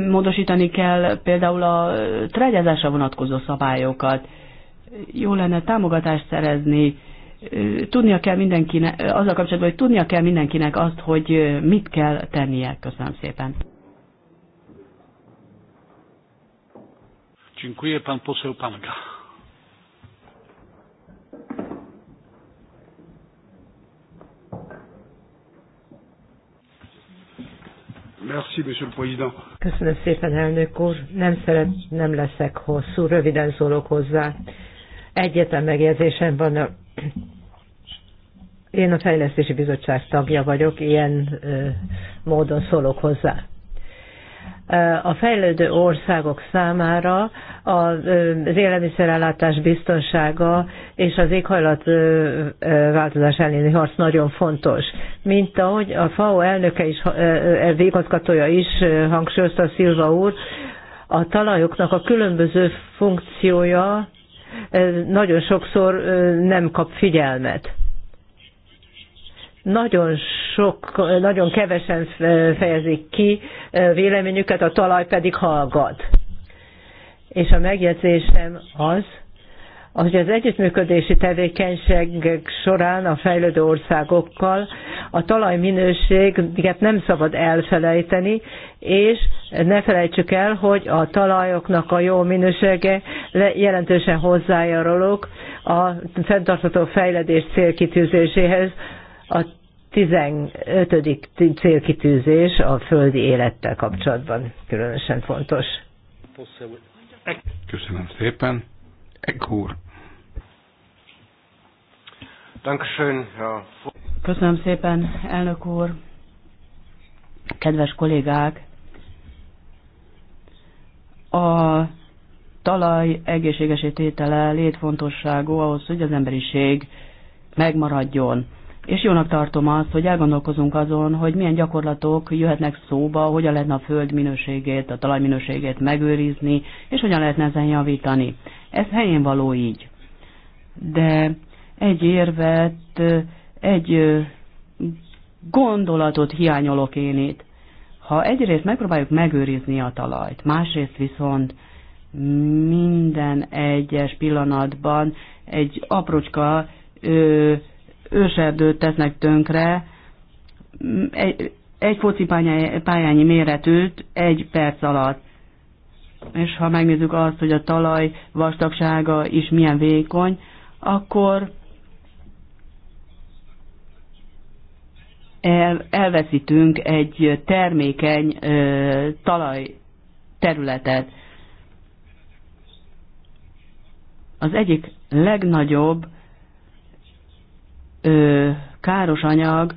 Módosítani kell például a trágyázásra vonatkozó szabályokat. Jó lenne támogatást szerezni, tudnia kell mindenkinek, azzal kapcsolatban, hogy tudnia kell mindenkinek azt, hogy mit kell tennie. Köszönöm szépen. Dziękuję. Pan poseł Panga. Merci, Monsieur le Président. Köszönöm szépen, elnök úr. Nem, szeret, nem leszek hosszú, röviden szólok hozzá. Egyetem megjegyzésem van. A... Én a Fejlesztési Bizottság tagja vagyok, ilyen ö, módon szólok hozzá a fejlődő országok számára az élelmiszerellátás biztonsága és az éghajlatváltozás elleni harc nagyon fontos. Mint ahogy a FAO elnöke is, végazgatója is hangsúlyozta Szilva úr, a talajoknak a különböző funkciója nagyon sokszor nem kap figyelmet nagyon sok, nagyon kevesen fejezik ki véleményüket, a talaj pedig hallgat. És a megjegyzésem az, hogy az együttműködési tevékenységek során a fejlődő országokkal a talajminőséget nem szabad elfelejteni, és ne felejtsük el, hogy a talajoknak a jó minősége jelentősen hozzájárulok a fenntartható fejledés célkitűzéséhez, a 15. célkitűzés a földi élettel kapcsolatban különösen fontos. Köszönöm szépen. Ekkor. Köszönöm szépen, elnök úr, kedves kollégák! A talaj egészségesítétele létfontosságú ahhoz, hogy az emberiség megmaradjon és jónak tartom azt, hogy elgondolkozunk azon, hogy milyen gyakorlatok jöhetnek szóba, hogyan lehetne a föld minőségét, a talaj minőségét megőrizni, és hogyan lehetne ezen javítani. Ez helyén való így. De egy érvet, egy gondolatot hiányolok én itt. Ha egyrészt megpróbáljuk megőrizni a talajt, másrészt viszont minden egyes pillanatban egy aprócska ö, őserdőt tesznek tönkre, egy, egy foci pályányi méretűt egy perc alatt. És ha megnézzük azt, hogy a talaj vastagsága is milyen vékony, akkor el, elveszítünk egy termékeny ö, talaj területet. Az egyik legnagyobb ö, káros anyag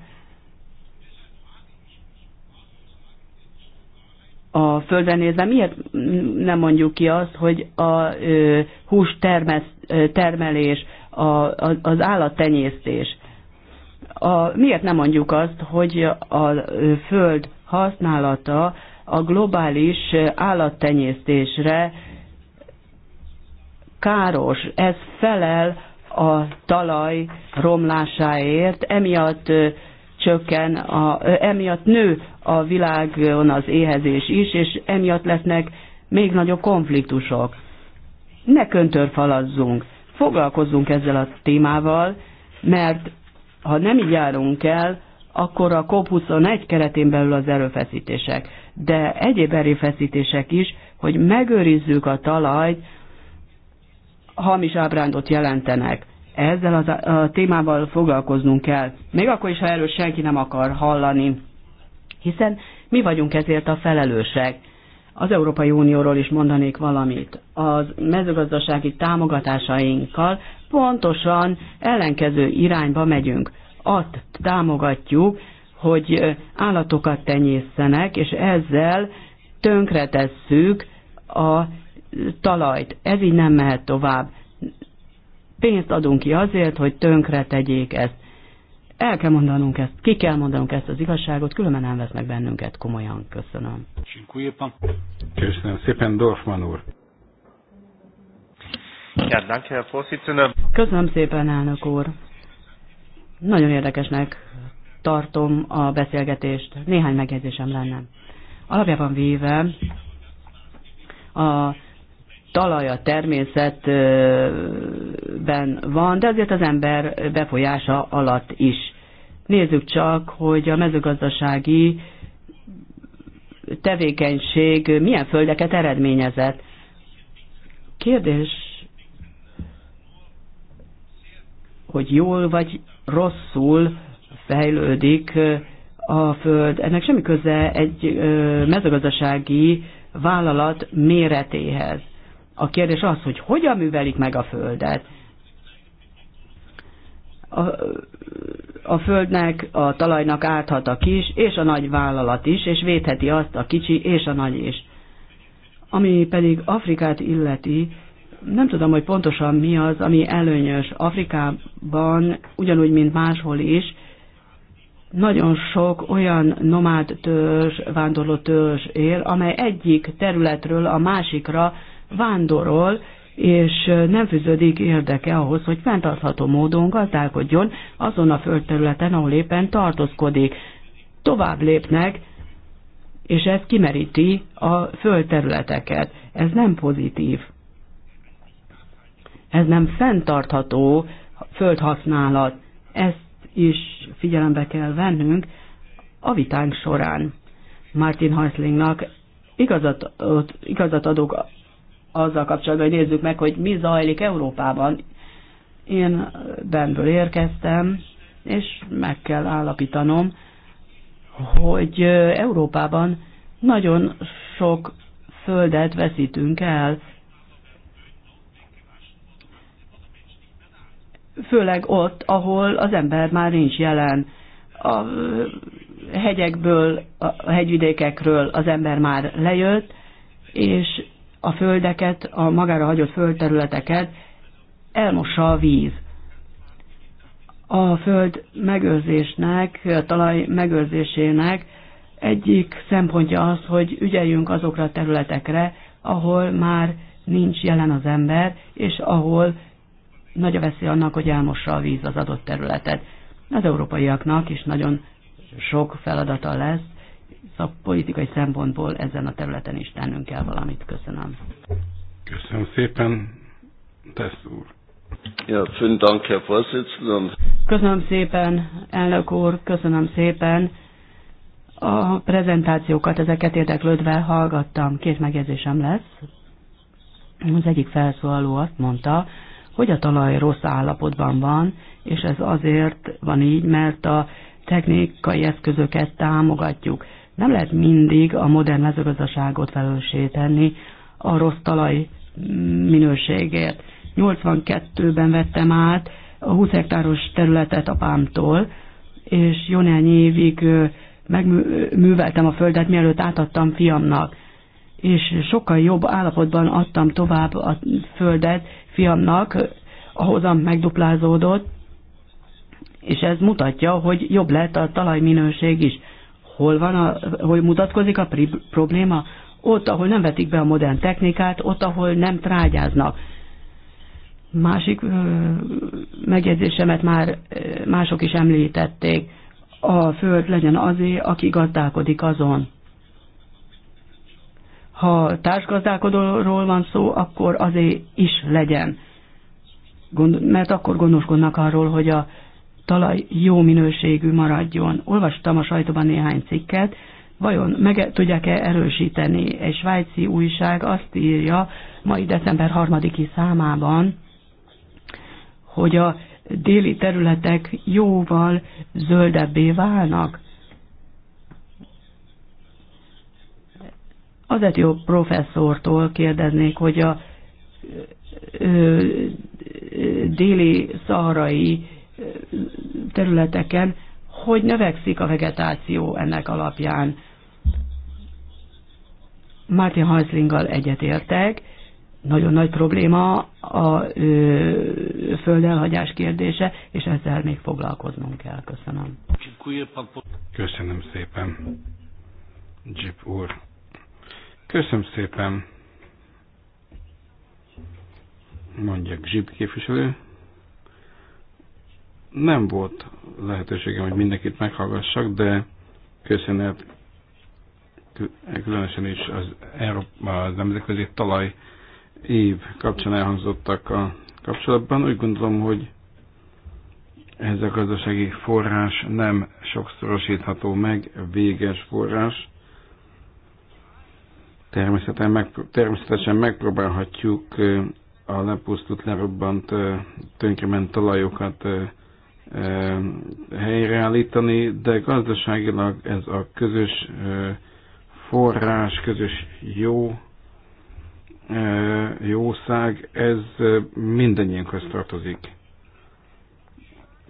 a földre nézve, miért nem mondjuk ki azt, hogy a ö, hús termesz, termelés, a, a, az állattenyésztés, a, miért nem mondjuk azt, hogy a föld használata a globális állattenyésztésre káros, ez felel a talaj romlásáért, emiatt csökken, a, emiatt nő a világon az éhezés is, és emiatt lesznek még nagyobb konfliktusok. Ne köntörfalazzunk, foglalkozzunk ezzel a témával, mert ha nem így járunk el, akkor a COP21 keretén belül az erőfeszítések, de egyéb erőfeszítések is, hogy megőrizzük a talajt hamis ábrándot jelentenek. Ezzel a, a témával foglalkoznunk kell, még akkor is, ha erről senki nem akar hallani, hiszen mi vagyunk ezért a felelősek. Az Európai Unióról is mondanék valamit. Az mezőgazdasági támogatásainkkal pontosan ellenkező irányba megyünk. Azt támogatjuk, hogy állatokat tenyészenek, és ezzel tönkretesszük a talajt. Ez így nem mehet tovább. Pénzt adunk ki azért, hogy tönkre tegyék ezt. El kell mondanunk ezt, ki kell mondanunk ezt az igazságot, különben nem vesznek bennünket komolyan. Köszönöm. Köszönöm szépen, Dorfman úr. Köszönöm szépen, elnök úr. Nagyon érdekesnek tartom a beszélgetést. Néhány megjegyzésem lenne. Alapjában véve a talaj, a természetben van, de azért az ember befolyása alatt is. Nézzük csak, hogy a mezőgazdasági tevékenység milyen földeket eredményezett. Kérdés, hogy jól vagy rosszul fejlődik a föld. Ennek semmi köze egy mezőgazdasági vállalat méretéhez. A kérdés az, hogy hogyan művelik meg a földet. A, a földnek, a talajnak áthat a kis és a nagy vállalat is, és védheti azt a kicsi és a nagy is. Ami pedig Afrikát illeti, nem tudom, hogy pontosan mi az, ami előnyös Afrikában, ugyanúgy, mint máshol is, nagyon sok olyan nomád törzs, vándorló törzs él, amely egyik területről a másikra vándorol, és nem fűződik érdeke ahhoz, hogy fenntartható módon gazdálkodjon azon a földterületen, ahol éppen tartózkodik. Tovább lépnek, és ez kimeríti a földterületeket. Ez nem pozitív. Ez nem fenntartható földhasználat. Ezt is figyelembe kell vennünk a vitánk során. Martin Heuslingnak igazat, igazat adok azzal kapcsolatban, hogy nézzük meg, hogy mi zajlik Európában. Én bentből érkeztem, és meg kell állapítanom, hogy Európában nagyon sok földet veszítünk el, főleg ott, ahol az ember már nincs jelen. A hegyekből, a hegyvidékekről az ember már lejött, és a földeket, a magára hagyott földterületeket elmossa a víz. A föld megőrzésnek, a talaj megőrzésének egyik szempontja az, hogy ügyeljünk azokra a területekre, ahol már nincs jelen az ember, és ahol nagy a veszély annak, hogy elmossa a víz az adott területet. Az európaiaknak is nagyon sok feladata lesz, szakpolitikai szempontból ezen a területen is tennünk kell valamit. Köszönöm. Köszönöm szépen, Tesz úr. Ja, vielen Dank, Köszönöm szépen, elnök úr, köszönöm szépen. A prezentációkat, ezeket érdeklődve hallgattam. Két megjegyzésem lesz. Az egyik felszólaló azt mondta, hogy a talaj rossz állapotban van, és ez azért van így, mert a technikai eszközöket támogatjuk. Nem lehet mindig a modern mezőgazdaságot felelőssé tenni a rossz talaj minőségért. 82-ben vettem át a 20 hektáros területet apámtól, és jó néhány évig megműveltem a földet, mielőtt átadtam fiamnak. És sokkal jobb állapotban adtam tovább a földet fiamnak, ahhozam megduplázódott, és ez mutatja, hogy jobb lett a talajminőség is hol, van a, hogy mutatkozik a probléma? Ott, ahol nem vetik be a modern technikát, ott, ahol nem trágyáznak. Másik ö, megjegyzésemet már ö, mások is említették. A föld legyen azé, aki gazdálkodik azon. Ha társgazdálkodóról van szó, akkor azé is legyen. Gond, mert akkor gondoskodnak arról, hogy a talaj jó minőségű maradjon. Olvastam a sajtóban néhány cikket, vajon meg tudják-e erősíteni? Egy svájci újság azt írja mai december 3-i számában, hogy a déli területek jóval zöldebbé válnak. Az jó professzortól kérdeznék, hogy a ö, ö, déli ö, területeken, hogy növekszik a vegetáció ennek alapján. Martin Hanslinggal egyetértek, nagyon nagy probléma a ö, földelhagyás kérdése, és ezzel még foglalkoznunk kell. Köszönöm. Köszönöm szépen, Jip úr. Köszönöm szépen, mondja Jip képviselő. Nem volt lehetőségem, hogy mindenkit meghallgassak, de köszönet különösen is az, Európa, az nemzetközi talaj év kapcsán elhangzottak a kapcsolatban. Úgy gondolom, hogy ez a gazdasági forrás nem sokszorosítható meg, véges forrás. Természetesen, meg, természetesen megpróbálhatjuk a lepusztult, lerobbant, tönkrement talajokat helyreállítani, de gazdaságilag ez a közös forrás, közös jó, jószág, ez mindannyiunkhoz tartozik.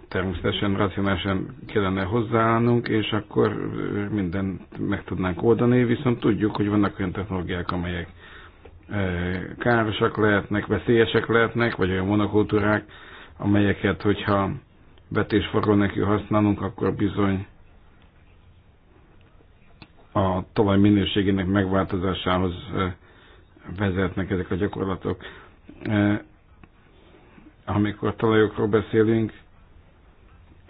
Természetesen racionálisan kellene hozzáállnunk, és akkor mindent meg tudnánk oldani, viszont tudjuk, hogy vannak olyan technológiák, amelyek károsak lehetnek, veszélyesek lehetnek, vagy olyan monokultúrák, amelyeket, hogyha vetésforgó neki használunk, akkor bizony a talaj minőségének megváltozásához eh, vezetnek ezek a gyakorlatok. Eh, amikor talajokról beszélünk,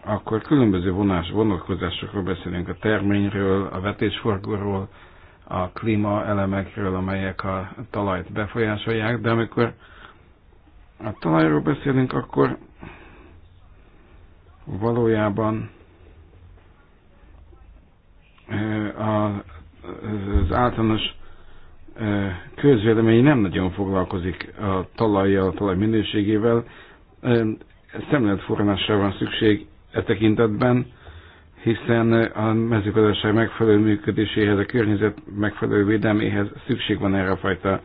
akkor különböző vonás, vonatkozásokról beszélünk, a terményről, a vetésforgóról, a klímaelemekről, amelyek a talajt befolyásolják, de amikor a talajról beszélünk, akkor Valójában az általános közvélemény nem nagyon foglalkozik a talajjal, a talaj minőségével. Szemléletforrásra van szükség e tekintetben, hiszen a mezőgazdaság megfelelő működéséhez, a környezet megfelelő védelméhez szükség van erre a fajta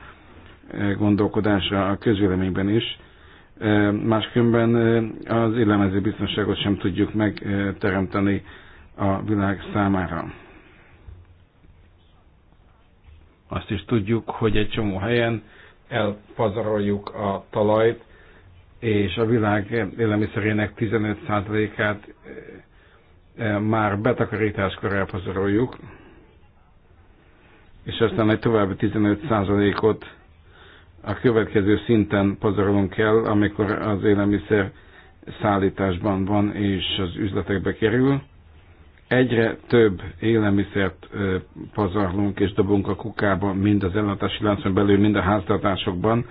gondolkodásra a közvéleményben is. Máskülönben az élelmező biztonságot sem tudjuk megteremteni a világ számára. Azt is tudjuk, hogy egy csomó helyen elpazaroljuk a talajt, és a világ élelmiszerének 15%-át már betakarításkor elpazaroljuk, és aztán egy további 15%-ot a következő szinten pazarolunk el, amikor az élelmiszer szállításban van és az üzletekbe kerül. Egyre több élelmiszert pazarlunk és dobunk a kukába, mind az ellátási láncon belül, mind a háztartásokban.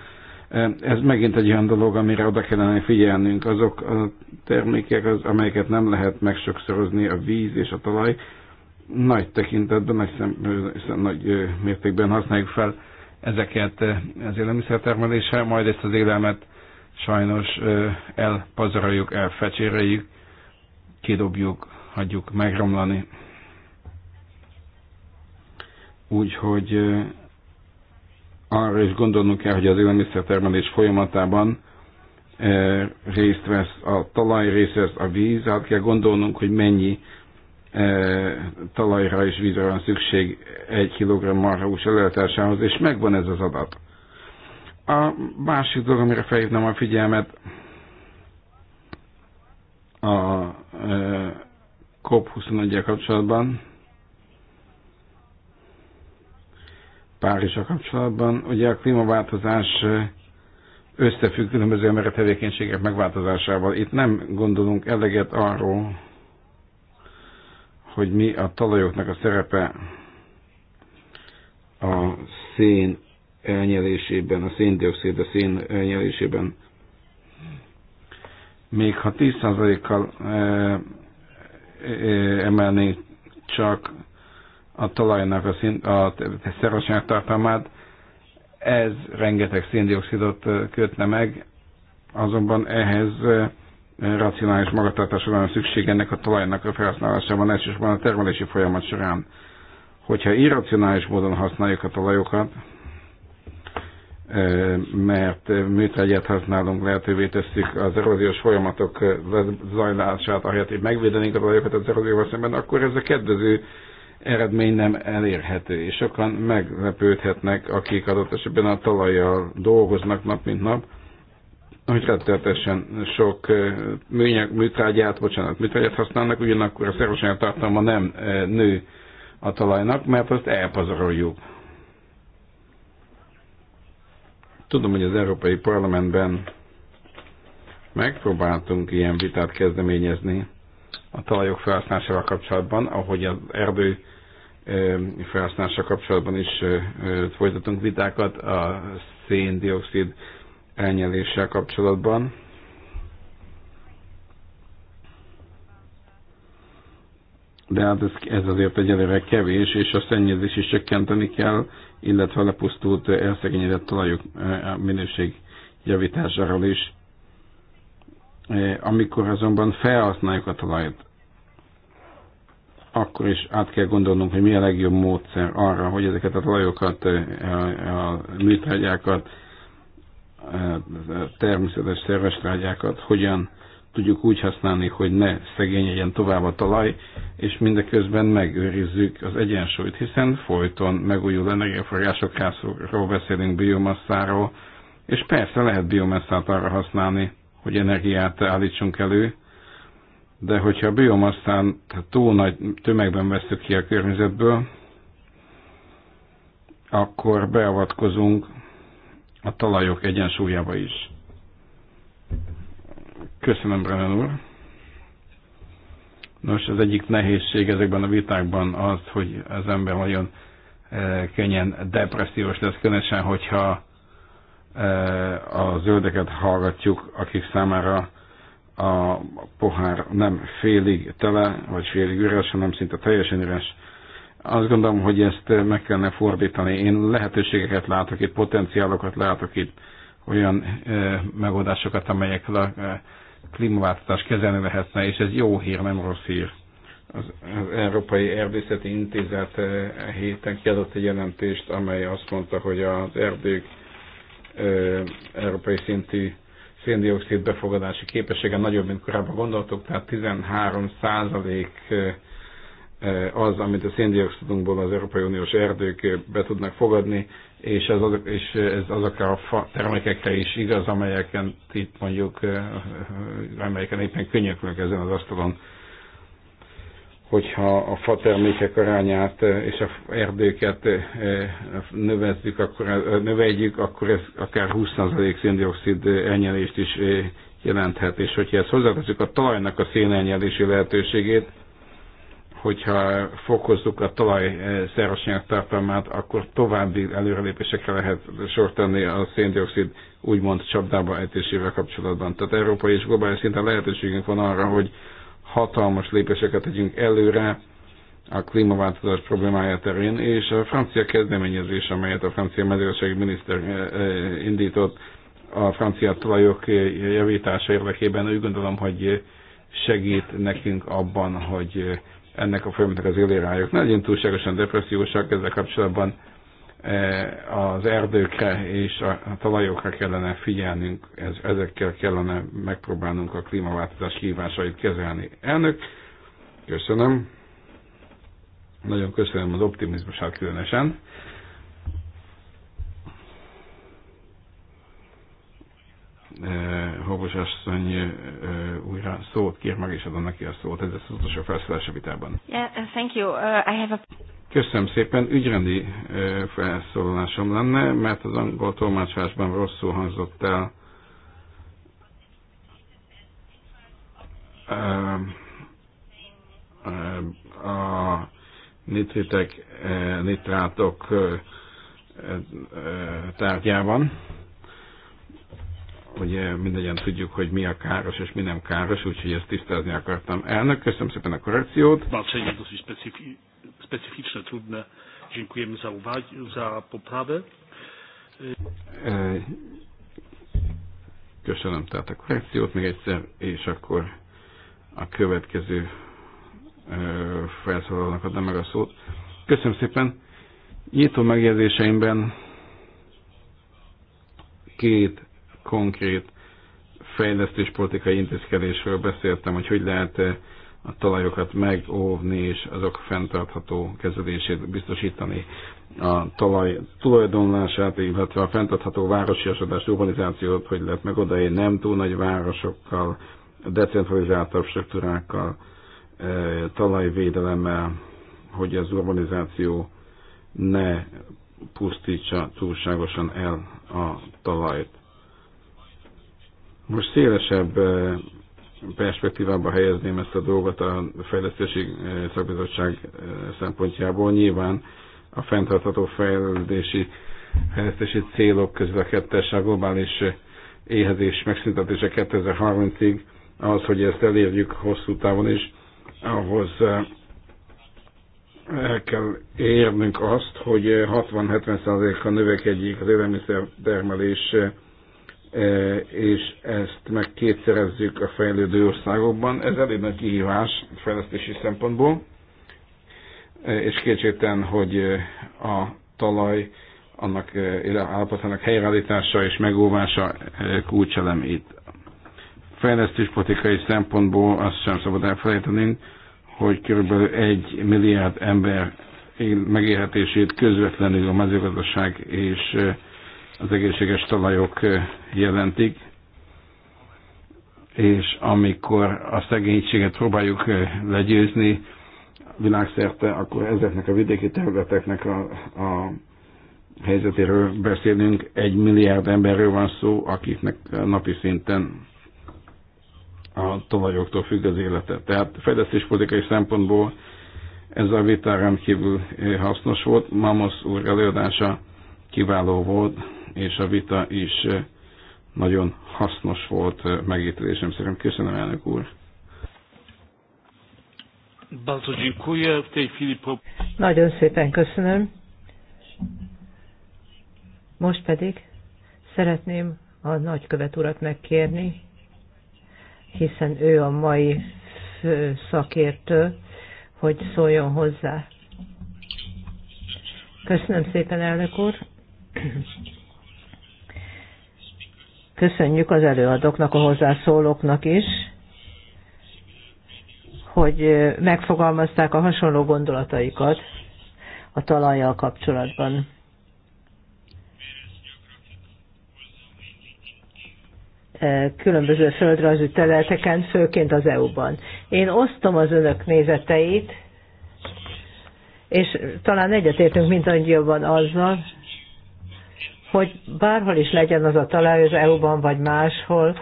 Ez megint egy olyan dolog, amire oda kellene figyelnünk. Azok a termékek, az, amelyeket nem lehet megsokszorozni, a víz és a talaj, nagy tekintetben, nagy, szem, nagy mértékben használjuk fel ezeket eh, az élelmiszertermelésre, majd ezt az élelmet sajnos eh, elpazaroljuk, elfecséreljük, kidobjuk, hagyjuk megromlani. Úgyhogy eh, arra is gondolnunk kell, hogy az élelmiszertermelés folyamatában részt vesz a talaj, részt vesz a víz, hát kell gondolnunk, hogy mennyi E, talajra és vízre van szükség egy kilogramm marhahús előállításához, és megvan ez az adat. A másik dolog, amire felhívnám a figyelmet, a COP21-el e, kapcsolatban, Párizsa kapcsolatban. Ugye a klímaváltozás e, összefügg különböző emberi tevékenységek megváltozásával. Itt nem gondolunk eleget arról, hogy mi a talajoknak a szerepe a szén elnyelésében, a széndiokszid, a szén elnyelésében. Még ha 10%-kal e, e, emelni csak a talajnak a, szín, a szerosság tartalmát, ez rengeteg széndiokszidot kötne meg, azonban ehhez e, racionális magatartásra van szükség ennek a talajnak a felhasználásában, elsősorban a termelési folyamat során. Hogyha irracionális módon használjuk a talajokat, mert műtrágyát használunk, lehetővé tesszük az eróziós folyamatok zajlását, ahelyett, hogy megvédenénk a talajokat az erózióval szemben, akkor ez a kedvező eredmény nem elérhető, és sokan meglepődhetnek, akik adott esetben a talajjal dolgoznak nap mint nap, amit rettenetesen sok műanyag, műtrágyát, bocsánat, műtrágyát használnak, ugyanakkor a szerves tartalma nem nő a talajnak, mert azt elpazaroljuk. Tudom, hogy az Európai Parlamentben megpróbáltunk ilyen vitát kezdeményezni a talajok felhasználásával kapcsolatban, ahogy az erdő felhasználása kapcsolatban is folytatunk vitákat, a széndiokszid dioxid elnyeléssel kapcsolatban. De hát ez, ez azért egyelőre kevés, és a szennyezés is csökkenteni kell, illetve a lepusztult, elszegényedett talajok e, minőség javításáról is. E, amikor azonban felhasználjuk a talajt, akkor is át kell gondolnunk, hogy mi a legjobb módszer arra, hogy ezeket a talajokat, e, a, a műtrágyákat, természetes szerves trágyákat hogyan tudjuk úgy használni, hogy ne szegényegyen tovább a talaj, és mindeközben megőrizzük az egyensúlyt, hiszen folyton megújuló energiaforrásokról beszélünk, biomasszáról, és persze lehet biomasszát arra használni, hogy energiát állítsunk elő, de hogyha a biomasszán túl nagy tömegben veszük ki a környezetből, akkor beavatkozunk a talajok egyensúlyába is. Köszönöm, Brennan úr. Nos, az egyik nehézség ezekben a vitákban az, hogy az ember nagyon e, könnyen depressziós lesz, különösen, hogyha e, a zöldeket hallgatjuk, akik számára a pohár nem félig tele, vagy félig üres, hanem szinte teljesen üres. Azt gondolom, hogy ezt meg kellene fordítani. Én lehetőségeket látok itt, potenciálokat látok itt, olyan e, megoldásokat, amelyek a e, klímaváltozás kezelni lehetne, és ez jó hír, nem rossz hír. Az, az Európai Erdészeti Intézet e, héten kiadott egy jelentést, amely azt mondta, hogy az erdők e, európai szintű széndiokszid befogadási képessége nagyobb, mint korábban gondoltuk, tehát 13 százalék Eh, az, amit a széndiokszidunkból az Európai Uniós erdők eh, be tudnak fogadni, és ez, azok, és ez azokra a fa termékekre is igaz, amelyeken itt mondjuk, eh, amelyeken éppen könyöklünk ezen az asztalon, hogyha a fa termékek arányát és a erdőket növezzük, akkor, növeljük, akkor ez akár 20% széndiokszid elnyelést is jelenthet, és hogyha ezt hozzáteszük a talajnak a szénelnyelési lehetőségét, hogyha fokozzuk a talaj eh, szerosanyag tartalmát, akkor további előrelépésekre lehet sor tenni a széndiokszid úgymond csapdába ejtésével kapcsolatban. Tehát európai és globális szinten lehetőségünk van arra, hogy hatalmas lépéseket tegyünk előre a klímaváltozás problémája terén, és a francia kezdeményezés, amelyet a francia mezőgazdasági miniszter eh, eh, indított a francia talajok javítása érdekében, úgy gondolom, hogy segít nekünk abban, hogy ennek a folyamatnak az élére álljuk. Ne legyen túlságosan depressziósak ezzel kapcsolatban, e, az erdőkre és a talajokra kellene figyelnünk, ez, ezekkel kellene megpróbálnunk a klímaváltozás kívásait kezelni. Elnök, köszönöm. Nagyon köszönöm az optimizmusát különösen. Eh, Hobos asszony eh, eh, újra szót kér meg, és adom neki a szót. Ez az utolsó felszólás a vitában. Yeah, uh, thank you. Uh, I have a... Köszönöm szépen. Ügyrendi felszólalásom lenne, mert az angol tolmácsásban rosszul hangzott el. a nitritek, nitrátok tárgyában hogy mindegyen tudjuk, hogy mi a káros és mi nem káros, úgyhogy ezt tisztázni akartam. Elnök, köszönöm szépen a korrekciót. Tłumaczenie dosyć specyficzne, trudne. Dziękujemy za, uwagi, za poprawę. E, köszönöm tehát a korrekciót még egyszer, és akkor a következő e, felszólalnak adnám meg a szót. Köszönöm szépen. Nyitó megjegyzéseimben két konkrét fejlesztéspolitikai intézkedésről beszéltem, hogy hogy lehet -e a talajokat megóvni és azok fenntartható kezelését biztosítani. A talaj tulajdonlását, illetve a fenntartható városiasodást, urbanizációt, hogy lehet megoldani nem túl nagy városokkal, decentralizáltabb struktúrákkal, eh, talajvédelemmel, hogy az urbanizáció ne pusztítsa túlságosan el a talajt. Most szélesebb eh, perspektívába helyezném ezt a dolgot a fejlesztési eh, szakbizottság eh, szempontjából. Nyilván a fenntartható fejlődési fejlesztési célok közül a kettes, a globális éhezés megszüntetése 2030-ig, az, hogy ezt elérjük hosszú távon is, ahhoz el kell érnünk azt, hogy 60-70%-kal növekedjék az élelmiszer termelés E, és ezt meg kétszerezzük a fejlődő országokban. Ez elég nagy kihívás fejlesztési szempontból, e, és kétségtelen, hogy e, a talaj, annak állapotának helyreállítása és megóvása kulcselem itt. politikai szempontból azt sem szabad elfelejteni, hogy körülbelül egy milliárd ember megélhetését közvetlenül a mezőgazdaság és az egészséges talajok jelentik, és amikor a szegénységet próbáljuk legyőzni világszerte, akkor ezeknek a vidéki területeknek a, a helyzetéről beszélünk. Egy milliárd emberről van szó, akiknek napi szinten a talajoktól függ az élete. Tehát fejlesztéspolitikai szempontból ez a vita rendkívül hasznos volt. Mamos úr előadása kiváló volt, és a vita is eh, nagyon hasznos volt eh, megítélésem szerint. Köszönöm, elnök úr! Nagyon szépen köszönöm. Most pedig szeretném a nagykövet urat megkérni, hiszen ő a mai szakértő, hogy szóljon hozzá. Köszönöm szépen, elnök úr! Köszönjük az előadóknak, a hozzászólóknak is, hogy megfogalmazták a hasonló gondolataikat a talajjal kapcsolatban. különböző földrajzi területeken, főként az EU-ban. Én osztom az önök nézeteit, és talán egyetértünk mindannyian azzal, hogy bárhol is legyen az a talaj, az EU-ban vagy máshol,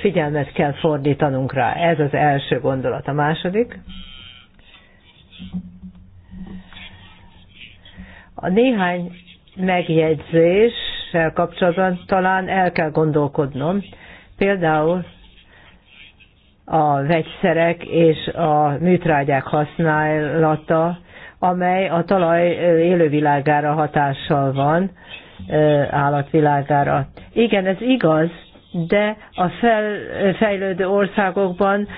figyelmet kell fordítanunk rá. Ez az első gondolat. A második. A néhány megjegyzéssel kapcsolatban talán el kell gondolkodnom. Például a vegyszerek és a műtrágyák használata, amely a talaj élővilágára hatással van állatvilágára. Igen, ez igaz, de a fel, fejlődő országokban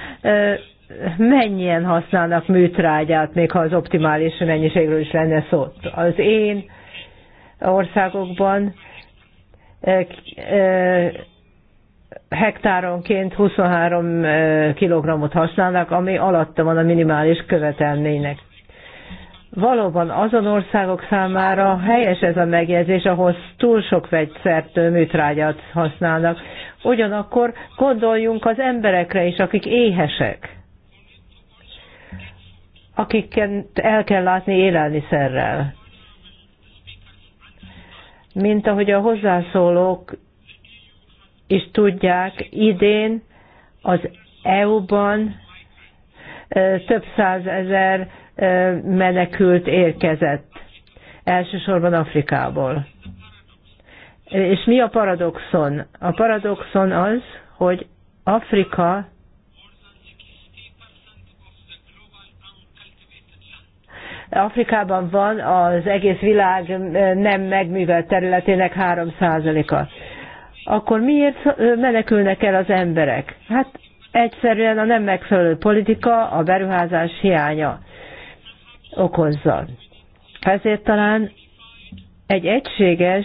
mennyien használnak műtrágyát, még ha az optimális mennyiségről is lenne szó. Az én országokban hektáronként 23 kg-ot használnak, ami alatta van a minimális követelménynek valóban azon országok számára helyes ez a megjegyzés, ahol túl sok vegyszert, műtrágyat használnak. Ugyanakkor gondoljunk az emberekre is, akik éhesek, akiket el kell látni élelmiszerrel. Mint ahogy a hozzászólók is tudják, idén az EU-ban több százezer menekült érkezett, elsősorban Afrikából. És mi a paradoxon? A paradoxon az, hogy Afrika Afrikában van az egész világ nem megművelt területének 3%-a. Akkor miért menekülnek el az emberek? Hát egyszerűen a nem megfelelő politika, a beruházás hiánya okozza. Ezért talán egy egységes,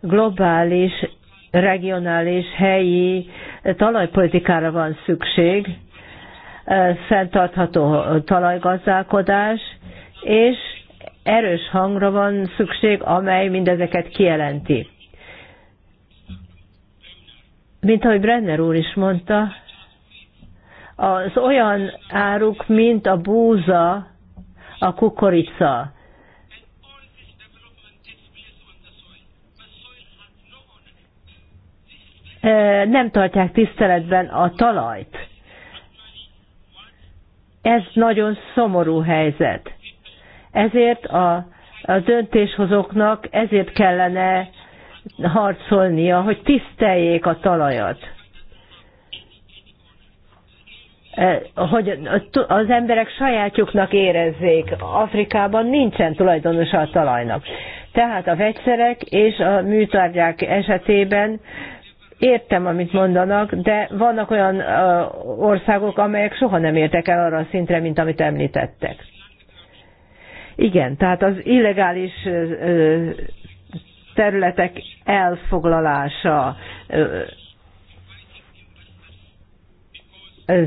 globális, regionális, helyi talajpolitikára van szükség, fenntartható talajgazdálkodás, és erős hangra van szükség, amely mindezeket kijelenti. Mint ahogy Brenner úr is mondta, az olyan áruk, mint a búza, a kukorica. Nem tartják tiszteletben a talajt. Ez nagyon szomorú helyzet. Ezért a, a döntéshozóknak ezért kellene harcolnia, hogy tiszteljék a talajat. Eh, hogy az emberek sajátjuknak érezzék. Afrikában nincsen tulajdonosa a talajnak. Tehát a vegyszerek és a műtárgyák esetében értem, amit mondanak, de vannak olyan eh, országok, amelyek soha nem értek el arra a szintre, mint amit említettek. Igen, tehát az illegális eh, területek elfoglalása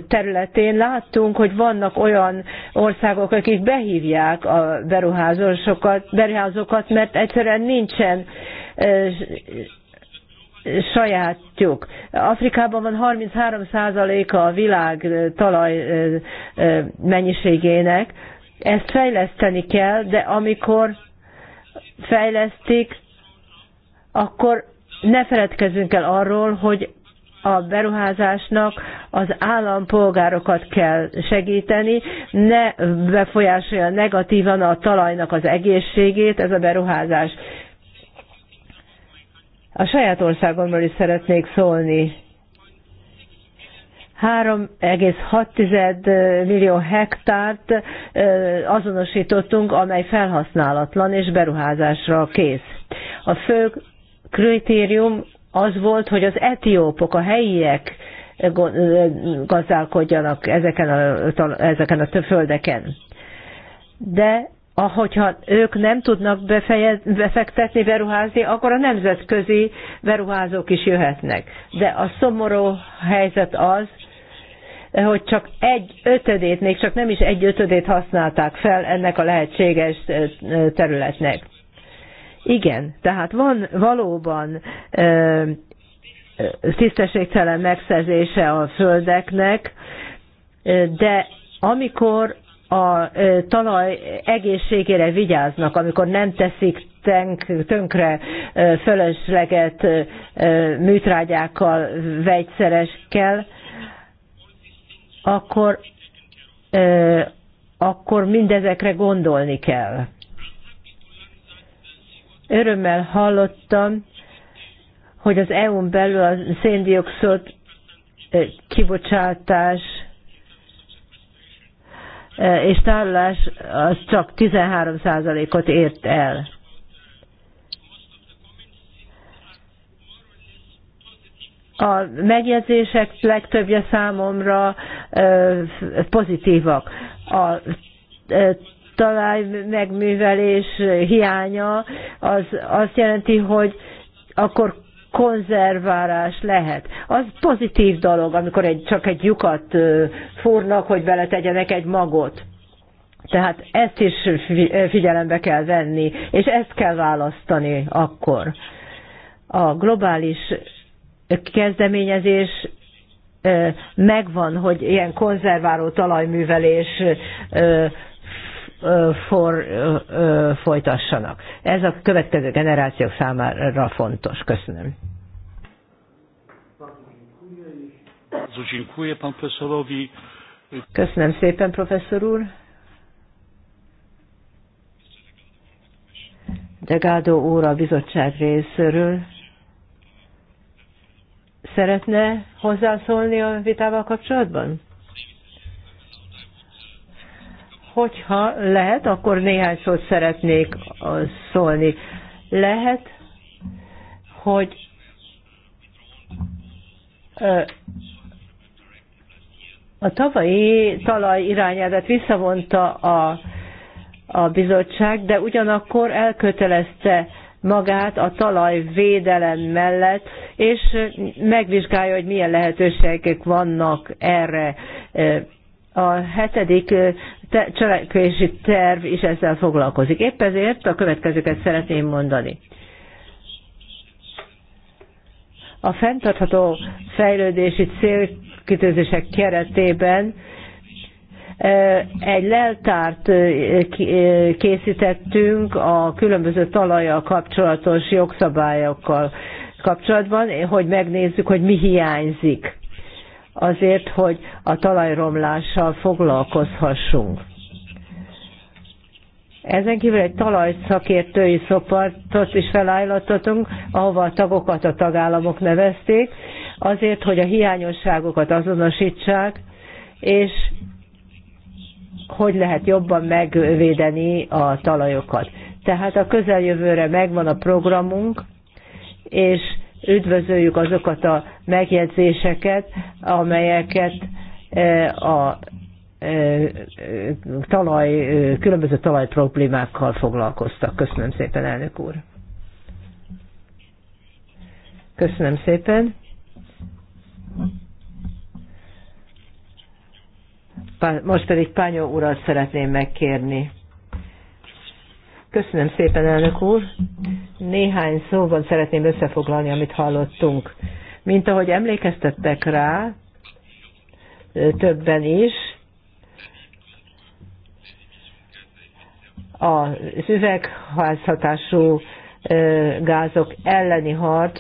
területén láttunk, hogy vannak olyan országok, akik behívják a beruházósokat, beruházókat, mert egyszerűen nincsen sajátjuk. Afrikában van 33%-a a világ talaj mennyiségének. Ezt fejleszteni kell, de amikor fejlesztik, akkor ne feledkezzünk el arról, hogy a beruházásnak az állampolgárokat kell segíteni, ne befolyásolja negatívan a talajnak az egészségét ez a beruházás. A saját országomról is szeretnék szólni. 3,6 millió hektárt azonosítottunk, amely felhasználatlan és beruházásra kész. A fő kritérium az volt, hogy az etiópok, a helyiek gazdálkodjanak ezeken a, ezeken a földeken. De ahogyha ők nem tudnak befejez, befektetni, beruházni, akkor a nemzetközi beruházók is jöhetnek. De a szomorú helyzet az, hogy csak egy ötödét, még csak nem is egy ötödét használták fel ennek a lehetséges eh, területnek. Igen, tehát van valóban tisztességtelen megszerzése a földeknek, de amikor a talaj egészségére vigyáznak, amikor nem teszik tönkre fölösleget műtrágyákkal, vegyszereskkel, akkor, akkor mindezekre gondolni kell. Örömmel hallottam, hogy az EU-n belül a széndiokszid eh, kibocsátás eh, és tárolás az csak 13%-ot ért el. A megjegyzések legtöbbje számomra eh, pozitívak. A talaj megművelés hiánya az azt jelenti, hogy akkor konzerválás lehet. Az pozitív dolog, amikor egy, csak egy lyukat fúrnak, hogy beletegyenek egy magot. Tehát ezt is figyelembe kell venni, és ezt kell választani akkor. A globális kezdeményezés megvan, hogy ilyen konzerváló talajművelés for, folytassanak. Ez a következő generációk számára fontos. Köszönöm. Köszönöm szépen, professzor úr. Degádó úr a bizottság részéről szeretne hozzászólni a vitával kapcsolatban? Hogyha lehet, akkor néhány szót szeretnék szólni. Lehet, hogy a tavalyi talaj irányelvet visszavonta a, a bizottság, de ugyanakkor elkötelezte magát a talajvédelem mellett, és megvizsgálja, hogy milyen lehetőségek vannak erre. A hetedik te, cselekvési terv is ezzel foglalkozik. Épp ezért a következőket szeretném mondani. A fenntartható fejlődési célkitőzések keretében egy leltárt készítettünk a különböző talajjal kapcsolatos jogszabályokkal kapcsolatban, hogy megnézzük, hogy mi hiányzik azért, hogy a talajromlással foglalkozhassunk. Ezen kívül egy talajszakértői szopartot is felállítottunk, ahova a tagokat a tagállamok nevezték, azért, hogy a hiányosságokat azonosítsák, és hogy lehet jobban megvédeni a talajokat. Tehát a közeljövőre megvan a programunk, és üdvözöljük azokat a megjegyzéseket, amelyeket e, a e, talaj, e, különböző talaj problémákkal foglalkoztak. Köszönöm szépen, elnök úr. Köszönöm szépen. Most pedig Pányó urat szeretném megkérni Köszönöm szépen, elnök úr. Néhány szóban szeretném összefoglalni, amit hallottunk. Mint ahogy emlékeztettek rá, többen is, az üvegházhatású gázok elleni harc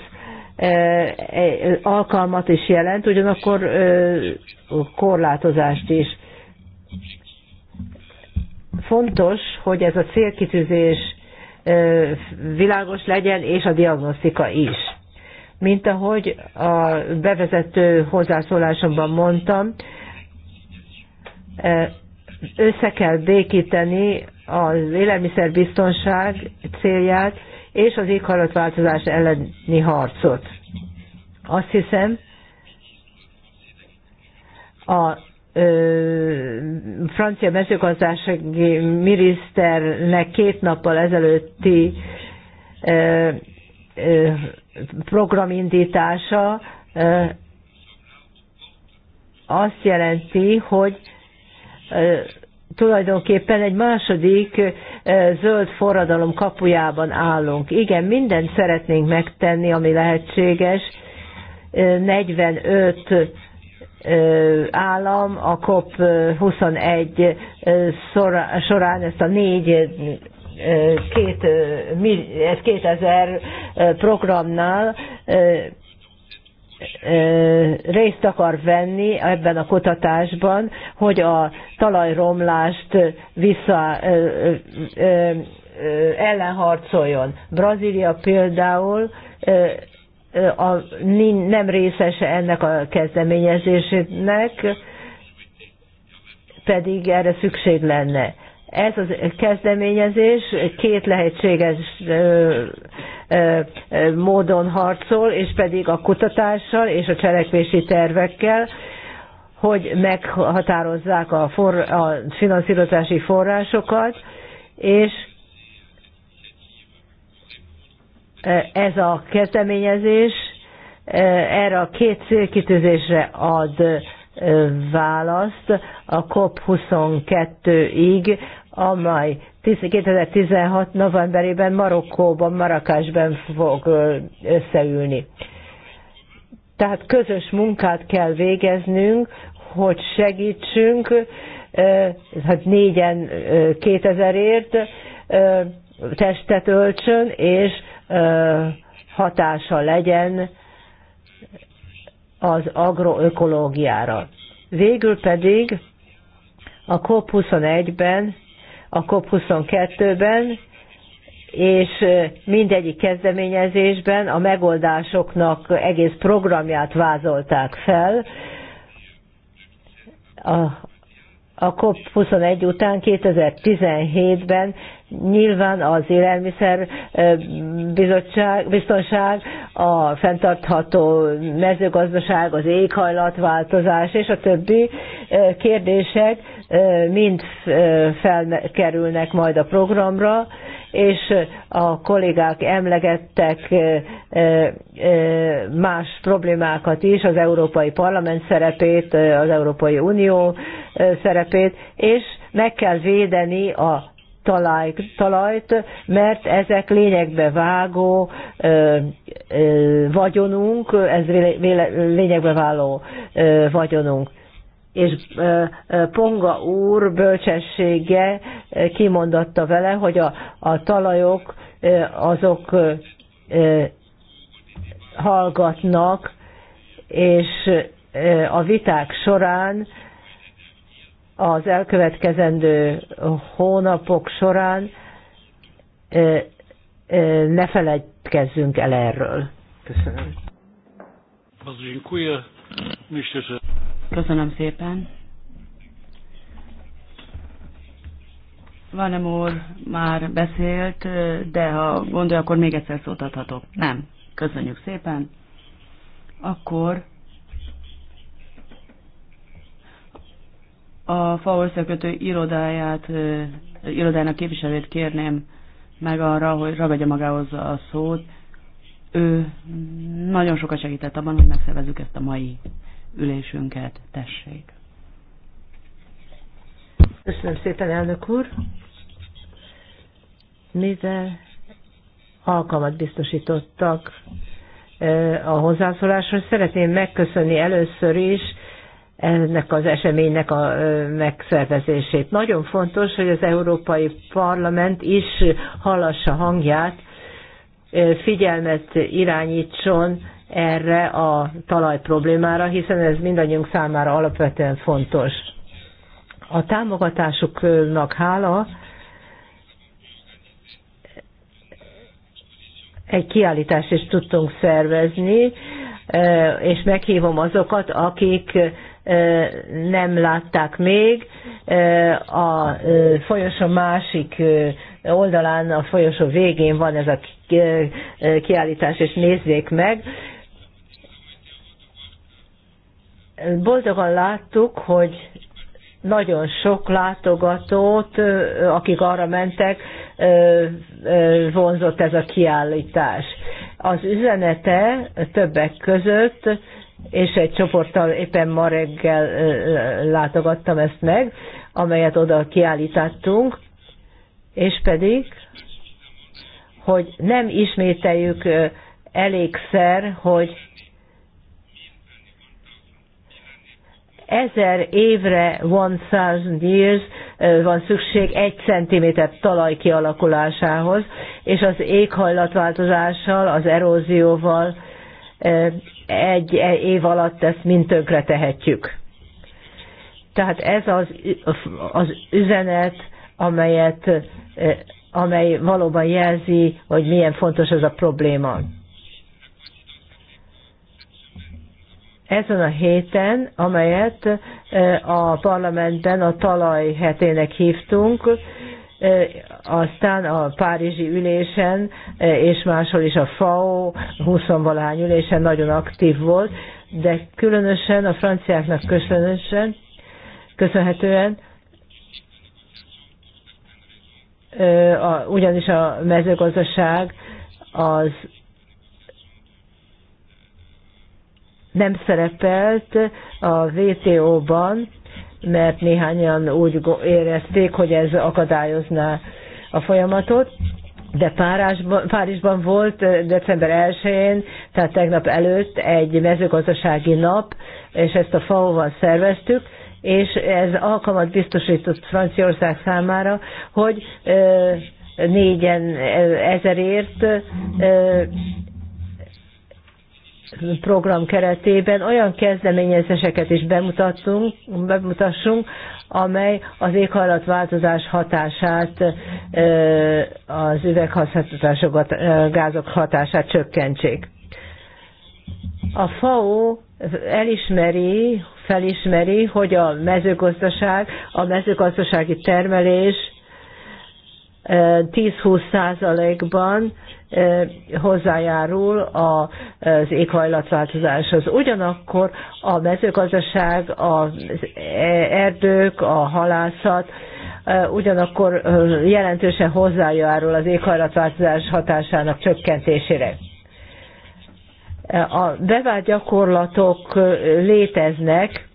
e, alkalmat is jelent, ugyanakkor korlátozást is fontos, hogy ez a célkitűzés világos legyen, és a diagnosztika is. Mint ahogy a bevezető hozzászólásomban mondtam, össze kell békíteni az élelmiszerbiztonság célját és az éghajlatváltozás elleni harcot. Azt hiszem, a francia mezőgazdasági miniszternek két nappal ezelőtti programindítása azt jelenti, hogy tulajdonképpen egy második zöld forradalom kapujában állunk. Igen, mindent szeretnénk megtenni, ami lehetséges. 45 állam a COP21 során ezt a négy két, ez 2000 programnál részt akar venni ebben a kutatásban, hogy a talajromlást vissza ellenharcoljon. Brazília például a, nem részese ennek a kezdeményezésének, pedig erre szükség lenne. Ez a kezdeményezés két lehetséges módon harcol, és pedig a kutatással és a cselekvési tervekkel, hogy meghatározzák a, for, a finanszírozási forrásokat, és ez a kezdeményezés e, erre a két célkitűzésre ad e, választ a COP22-ig, amely 2016 novemberében Marokkóban, Marakásban fog e, összeülni. Tehát közös munkát kell végeznünk, hogy segítsünk, hát négyen 2000ért testet öltsön, és hatása legyen az agroökológiára. Végül pedig a COP21-ben, a COP22-ben és mindegyik kezdeményezésben a megoldásoknak egész programját vázolták fel. A, a COP21 után 2017-ben Nyilván az élelmiszer bizottság, biztonság, a fenntartható mezőgazdaság, az éghajlatváltozás és a többi kérdések mind felkerülnek majd a programra, és a kollégák emlegettek más problémákat is, az Európai Parlament szerepét, az Európai Unió szerepét, és meg kell védeni a talaj, talajt, mert ezek lényegbe vágó ö, ö, vagyonunk, ez véle, lényegbe váló ö, vagyonunk. És ö, ö, Ponga úr bölcsessége kimondatta vele, hogy a, a talajok ö, azok ö, hallgatnak, és ö, a viták során ö, az elkövetkezendő hónapok során ne feledkezzünk el erről. Köszönöm. Köszönöm szépen. Vanem úr már beszélt, de ha gondolja, akkor még egyszer szót adhatok. Nem. Köszönjük szépen. Akkor a fa összekötő irodáját, irodának képviselőt kérném meg arra, hogy ragadja magához a szót. Ő nagyon sokat segített abban, hogy megszervezzük ezt a mai ülésünket. Tessék! Köszönöm szépen, elnök úr! Mivel alkalmat biztosítottak a hozzászólásra, szeretném megköszönni először is ennek az eseménynek a megszervezését. Nagyon fontos, hogy az Európai Parlament is hallassa hangját, figyelmet irányítson erre a talaj problémára, hiszen ez mindannyiunk számára alapvetően fontos. A támogatásuknak hála egy kiállítást is tudtunk szervezni, és meghívom azokat, akik nem látták még. A folyosó másik oldalán, a folyosó végén van ez a kiállítás, és nézzék meg. Boldogan láttuk, hogy nagyon sok látogatót, akik arra mentek, vonzott ez a kiállítás. Az üzenete többek között, és egy csoporttal éppen ma reggel látogattam ezt meg, amelyet oda kiállítottunk, és pedig, hogy nem ismételjük elégszer, hogy ezer évre, thousand years van szükség egy centiméter talaj kialakulásához, és az éghajlatváltozással, az erózióval egy e- év alatt ezt mind tönkre tehetjük. Tehát ez az, az üzenet, amelyet, amely valóban jelzi, hogy milyen fontos ez a probléma. ezen a héten, amelyet e, a parlamentben a talaj hetének hívtunk, e, aztán a Párizsi ülésen e, és máshol is a FAO 20-valahány ülésen nagyon aktív volt, de különösen a franciáknak köszönösen, köszönhetően ugyanis a mezőgazdaság az nem szerepelt a WTO-ban, mert néhányan úgy érezték, hogy ez akadályozná a folyamatot, de Párásban, Párizsban volt december 1-én, tehát tegnap előtt egy mezőgazdasági nap, és ezt a FAO-val szerveztük, és ez alkalmat biztosított Franciaország számára, hogy négyen ezerért program keretében olyan kezdeményezéseket is bemutattunk, bemutassunk, amely az éghajlatváltozás hatását, az üveghasználatások gázok hatását csökkentsék. A FAO elismeri, felismeri, hogy a mezőgazdaság, a mezőgazdasági termelés 10-20 százalékban hozzájárul az éghajlatváltozáshoz. Ugyanakkor a mezőgazdaság, az erdők, a halászat ugyanakkor jelentősen hozzájárul az éghajlatváltozás hatásának csökkentésére a bevált gyakorlatok léteznek,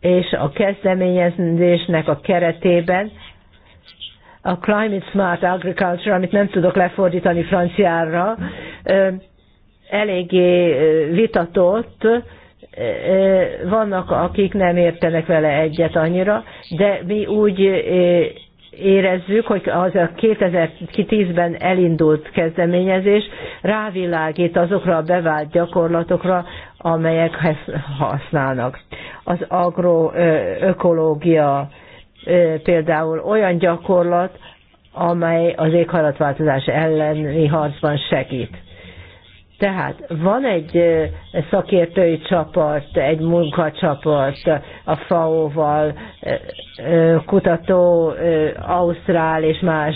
és a kezdeményezésnek a keretében a Climate Smart Agriculture, amit nem tudok lefordítani franciára, eléggé vitatott, vannak, akik nem értenek vele egyet annyira, de mi úgy érezzük, hogy az a 2010-ben elindult kezdeményezés rávilágít azokra a bevált gyakorlatokra, amelyek használnak. Az agroökológia például olyan gyakorlat, amely az éghajlatváltozás elleni harcban segít. Tehát van egy szakértői csapat, egy munkacsapat a FAO-val, kutató Ausztrál és más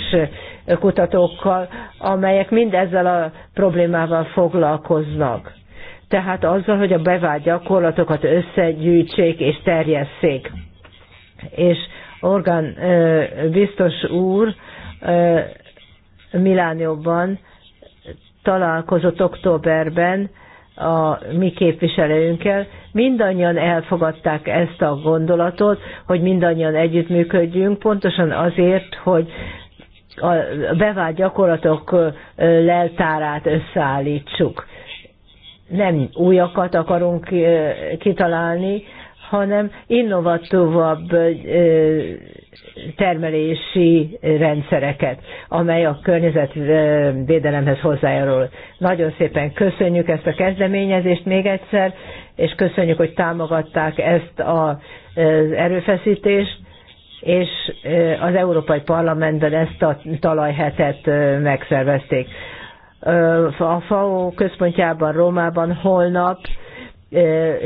kutatókkal, amelyek mind ezzel a problémával foglalkoznak. Tehát azzal, hogy a bevált gyakorlatokat összegyűjtsék és terjesszék. És Orgán biztos úr Milánióban találkozott októberben a mi képviselőnkkel. Mindannyian elfogadták ezt a gondolatot, hogy mindannyian együttműködjünk, pontosan azért, hogy a bevált gyakorlatok leltárát összeállítsuk. Nem újakat akarunk kitalálni, hanem innovatívabb termelési rendszereket, amely a környezetvédelemhez hozzájárul. Nagyon szépen köszönjük ezt a kezdeményezést még egyszer, és köszönjük, hogy támogatták ezt az erőfeszítést, és az Európai Parlamentben ezt a talajhetet megszervezték. A FAO központjában Rómában holnap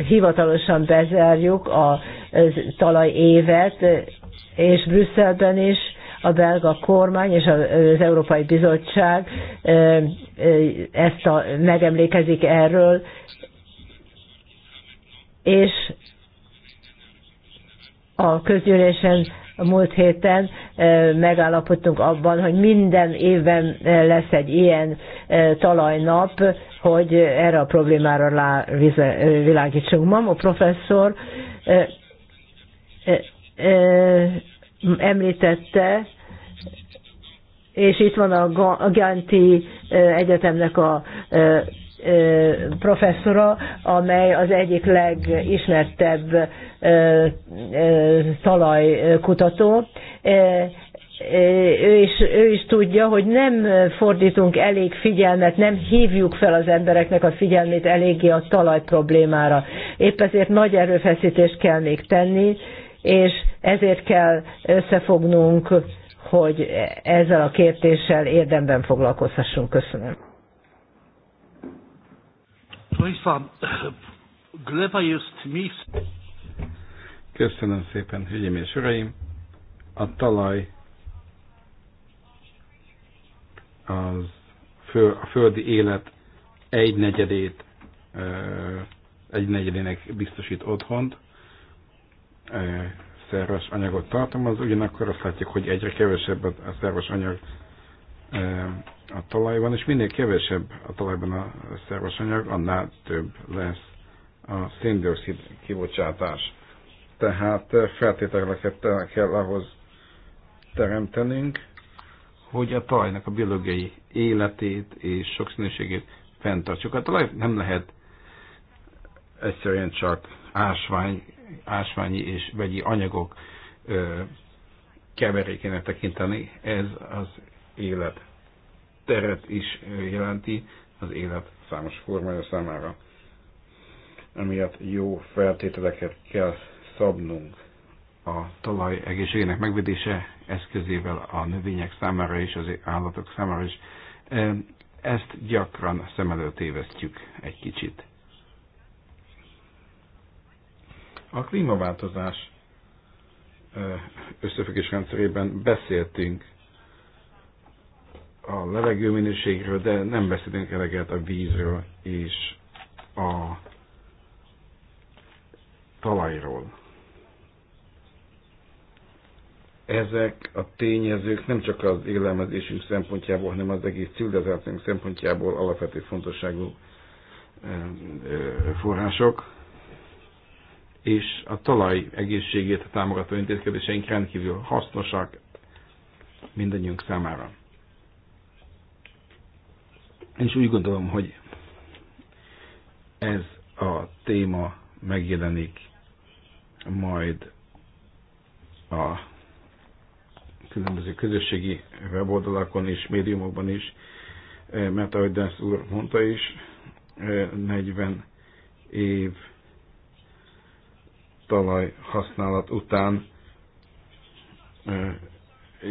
hivatalosan bezárjuk a talaj évet, és Brüsszelben is a belga kormány és az Európai Bizottság ezt a, megemlékezik erről, és a közgyűlésen a múlt héten megállapodtunk abban, hogy minden évben lesz egy ilyen talajnap, hogy erre a problémára lá, világítsunk. Mamo professzor említette, és itt van a Ganti Egyetemnek a professzora, amely az egyik legismertebb talajkutató, ő is, ő is tudja, hogy nem fordítunk elég figyelmet, nem hívjuk fel az embereknek a figyelmét eléggé a talaj problémára. Épp ezért nagy erőfeszítést kell még tenni, és ezért kell összefognunk, hogy ezzel a kérdéssel érdemben foglalkozhassunk. Köszönöm. [clears throat] Köszönöm szépen, hölgyeim és uraim! A talaj az fő, a földi élet egy negyedét, egy negyedének biztosít otthont, szerves anyagot tartalmaz, ugyanakkor azt látjuk, hogy egyre kevesebb a szerves anyag a talajban, és minél kevesebb a talajban a szerves anyag, annál több lesz a széndiokszid kibocsátás. Tehát feltételeket kell ahhoz teremtenünk, hogy a talajnak a biológiai életét és sokszínűségét fenntartsuk. Hát a talaj nem lehet egyszerűen csak ásvány, ásványi és vegyi anyagok ö, keverékének tekinteni, ez az élet teret is jelenti az élet számos formája számára. Emiatt jó feltételeket kell szabnunk a talaj egészségének megvédése eszközével a növények számára és az állatok számára is. Ezt gyakran szem előtt évesztjük egy kicsit. A klímaváltozás összefüggés rendszerében beszéltünk a minőségről, de nem beszélünk eleget a vízről és a talajról ezek a tényezők nem csak az élelmezésünk szempontjából, hanem az egész civilizációnk szempontjából alapvető fontosságú eh, eh, források, és a talaj egészségét a támogató intézkedéseink rendkívül hasznosak mindannyiunk számára. És úgy gondolom, hogy ez a téma megjelenik majd a különböző közösségi weboldalakon és médiumokban is, eh, mert ahogy Dász úr mondta is, 40 eh, év talaj használat után eh,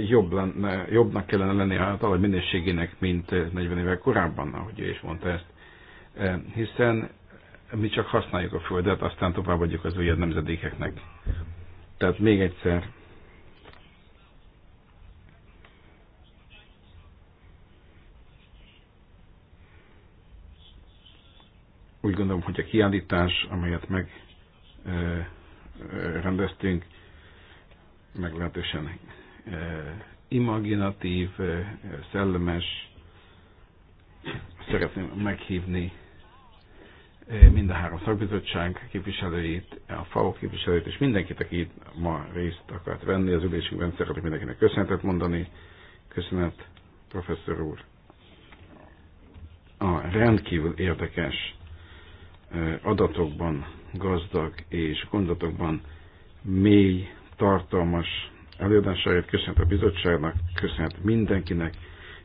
jobb lenne, jobbnak kellene lenni hát a talaj minőségének, mint 40 évvel korábban, ahogy ő is mondta ezt. Hiszen mi csak használjuk a földet, aztán továbbadjuk az újabb nemzedékeknek. Tehát még egyszer Úgy gondolom, hogy a kiállítás, amelyet megrendeztünk, meglehetősen imaginatív, szellemes. Szeretném meghívni mind a három szakbizottság képviselőit, a FAO képviselőit, és mindenkit, aki itt ma részt akart venni az ülésünkben, szeretnék mindenkinek köszönetet mondani. Köszönet, professzor úr, a rendkívül érdekes adatokban gazdag és gondolatokban mély, tartalmas előadásáért köszönhet a bizottságnak, köszönhet mindenkinek,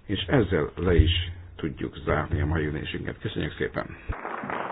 és ezzel le is tudjuk zárni a mai ülésünket. Köszönjük szépen!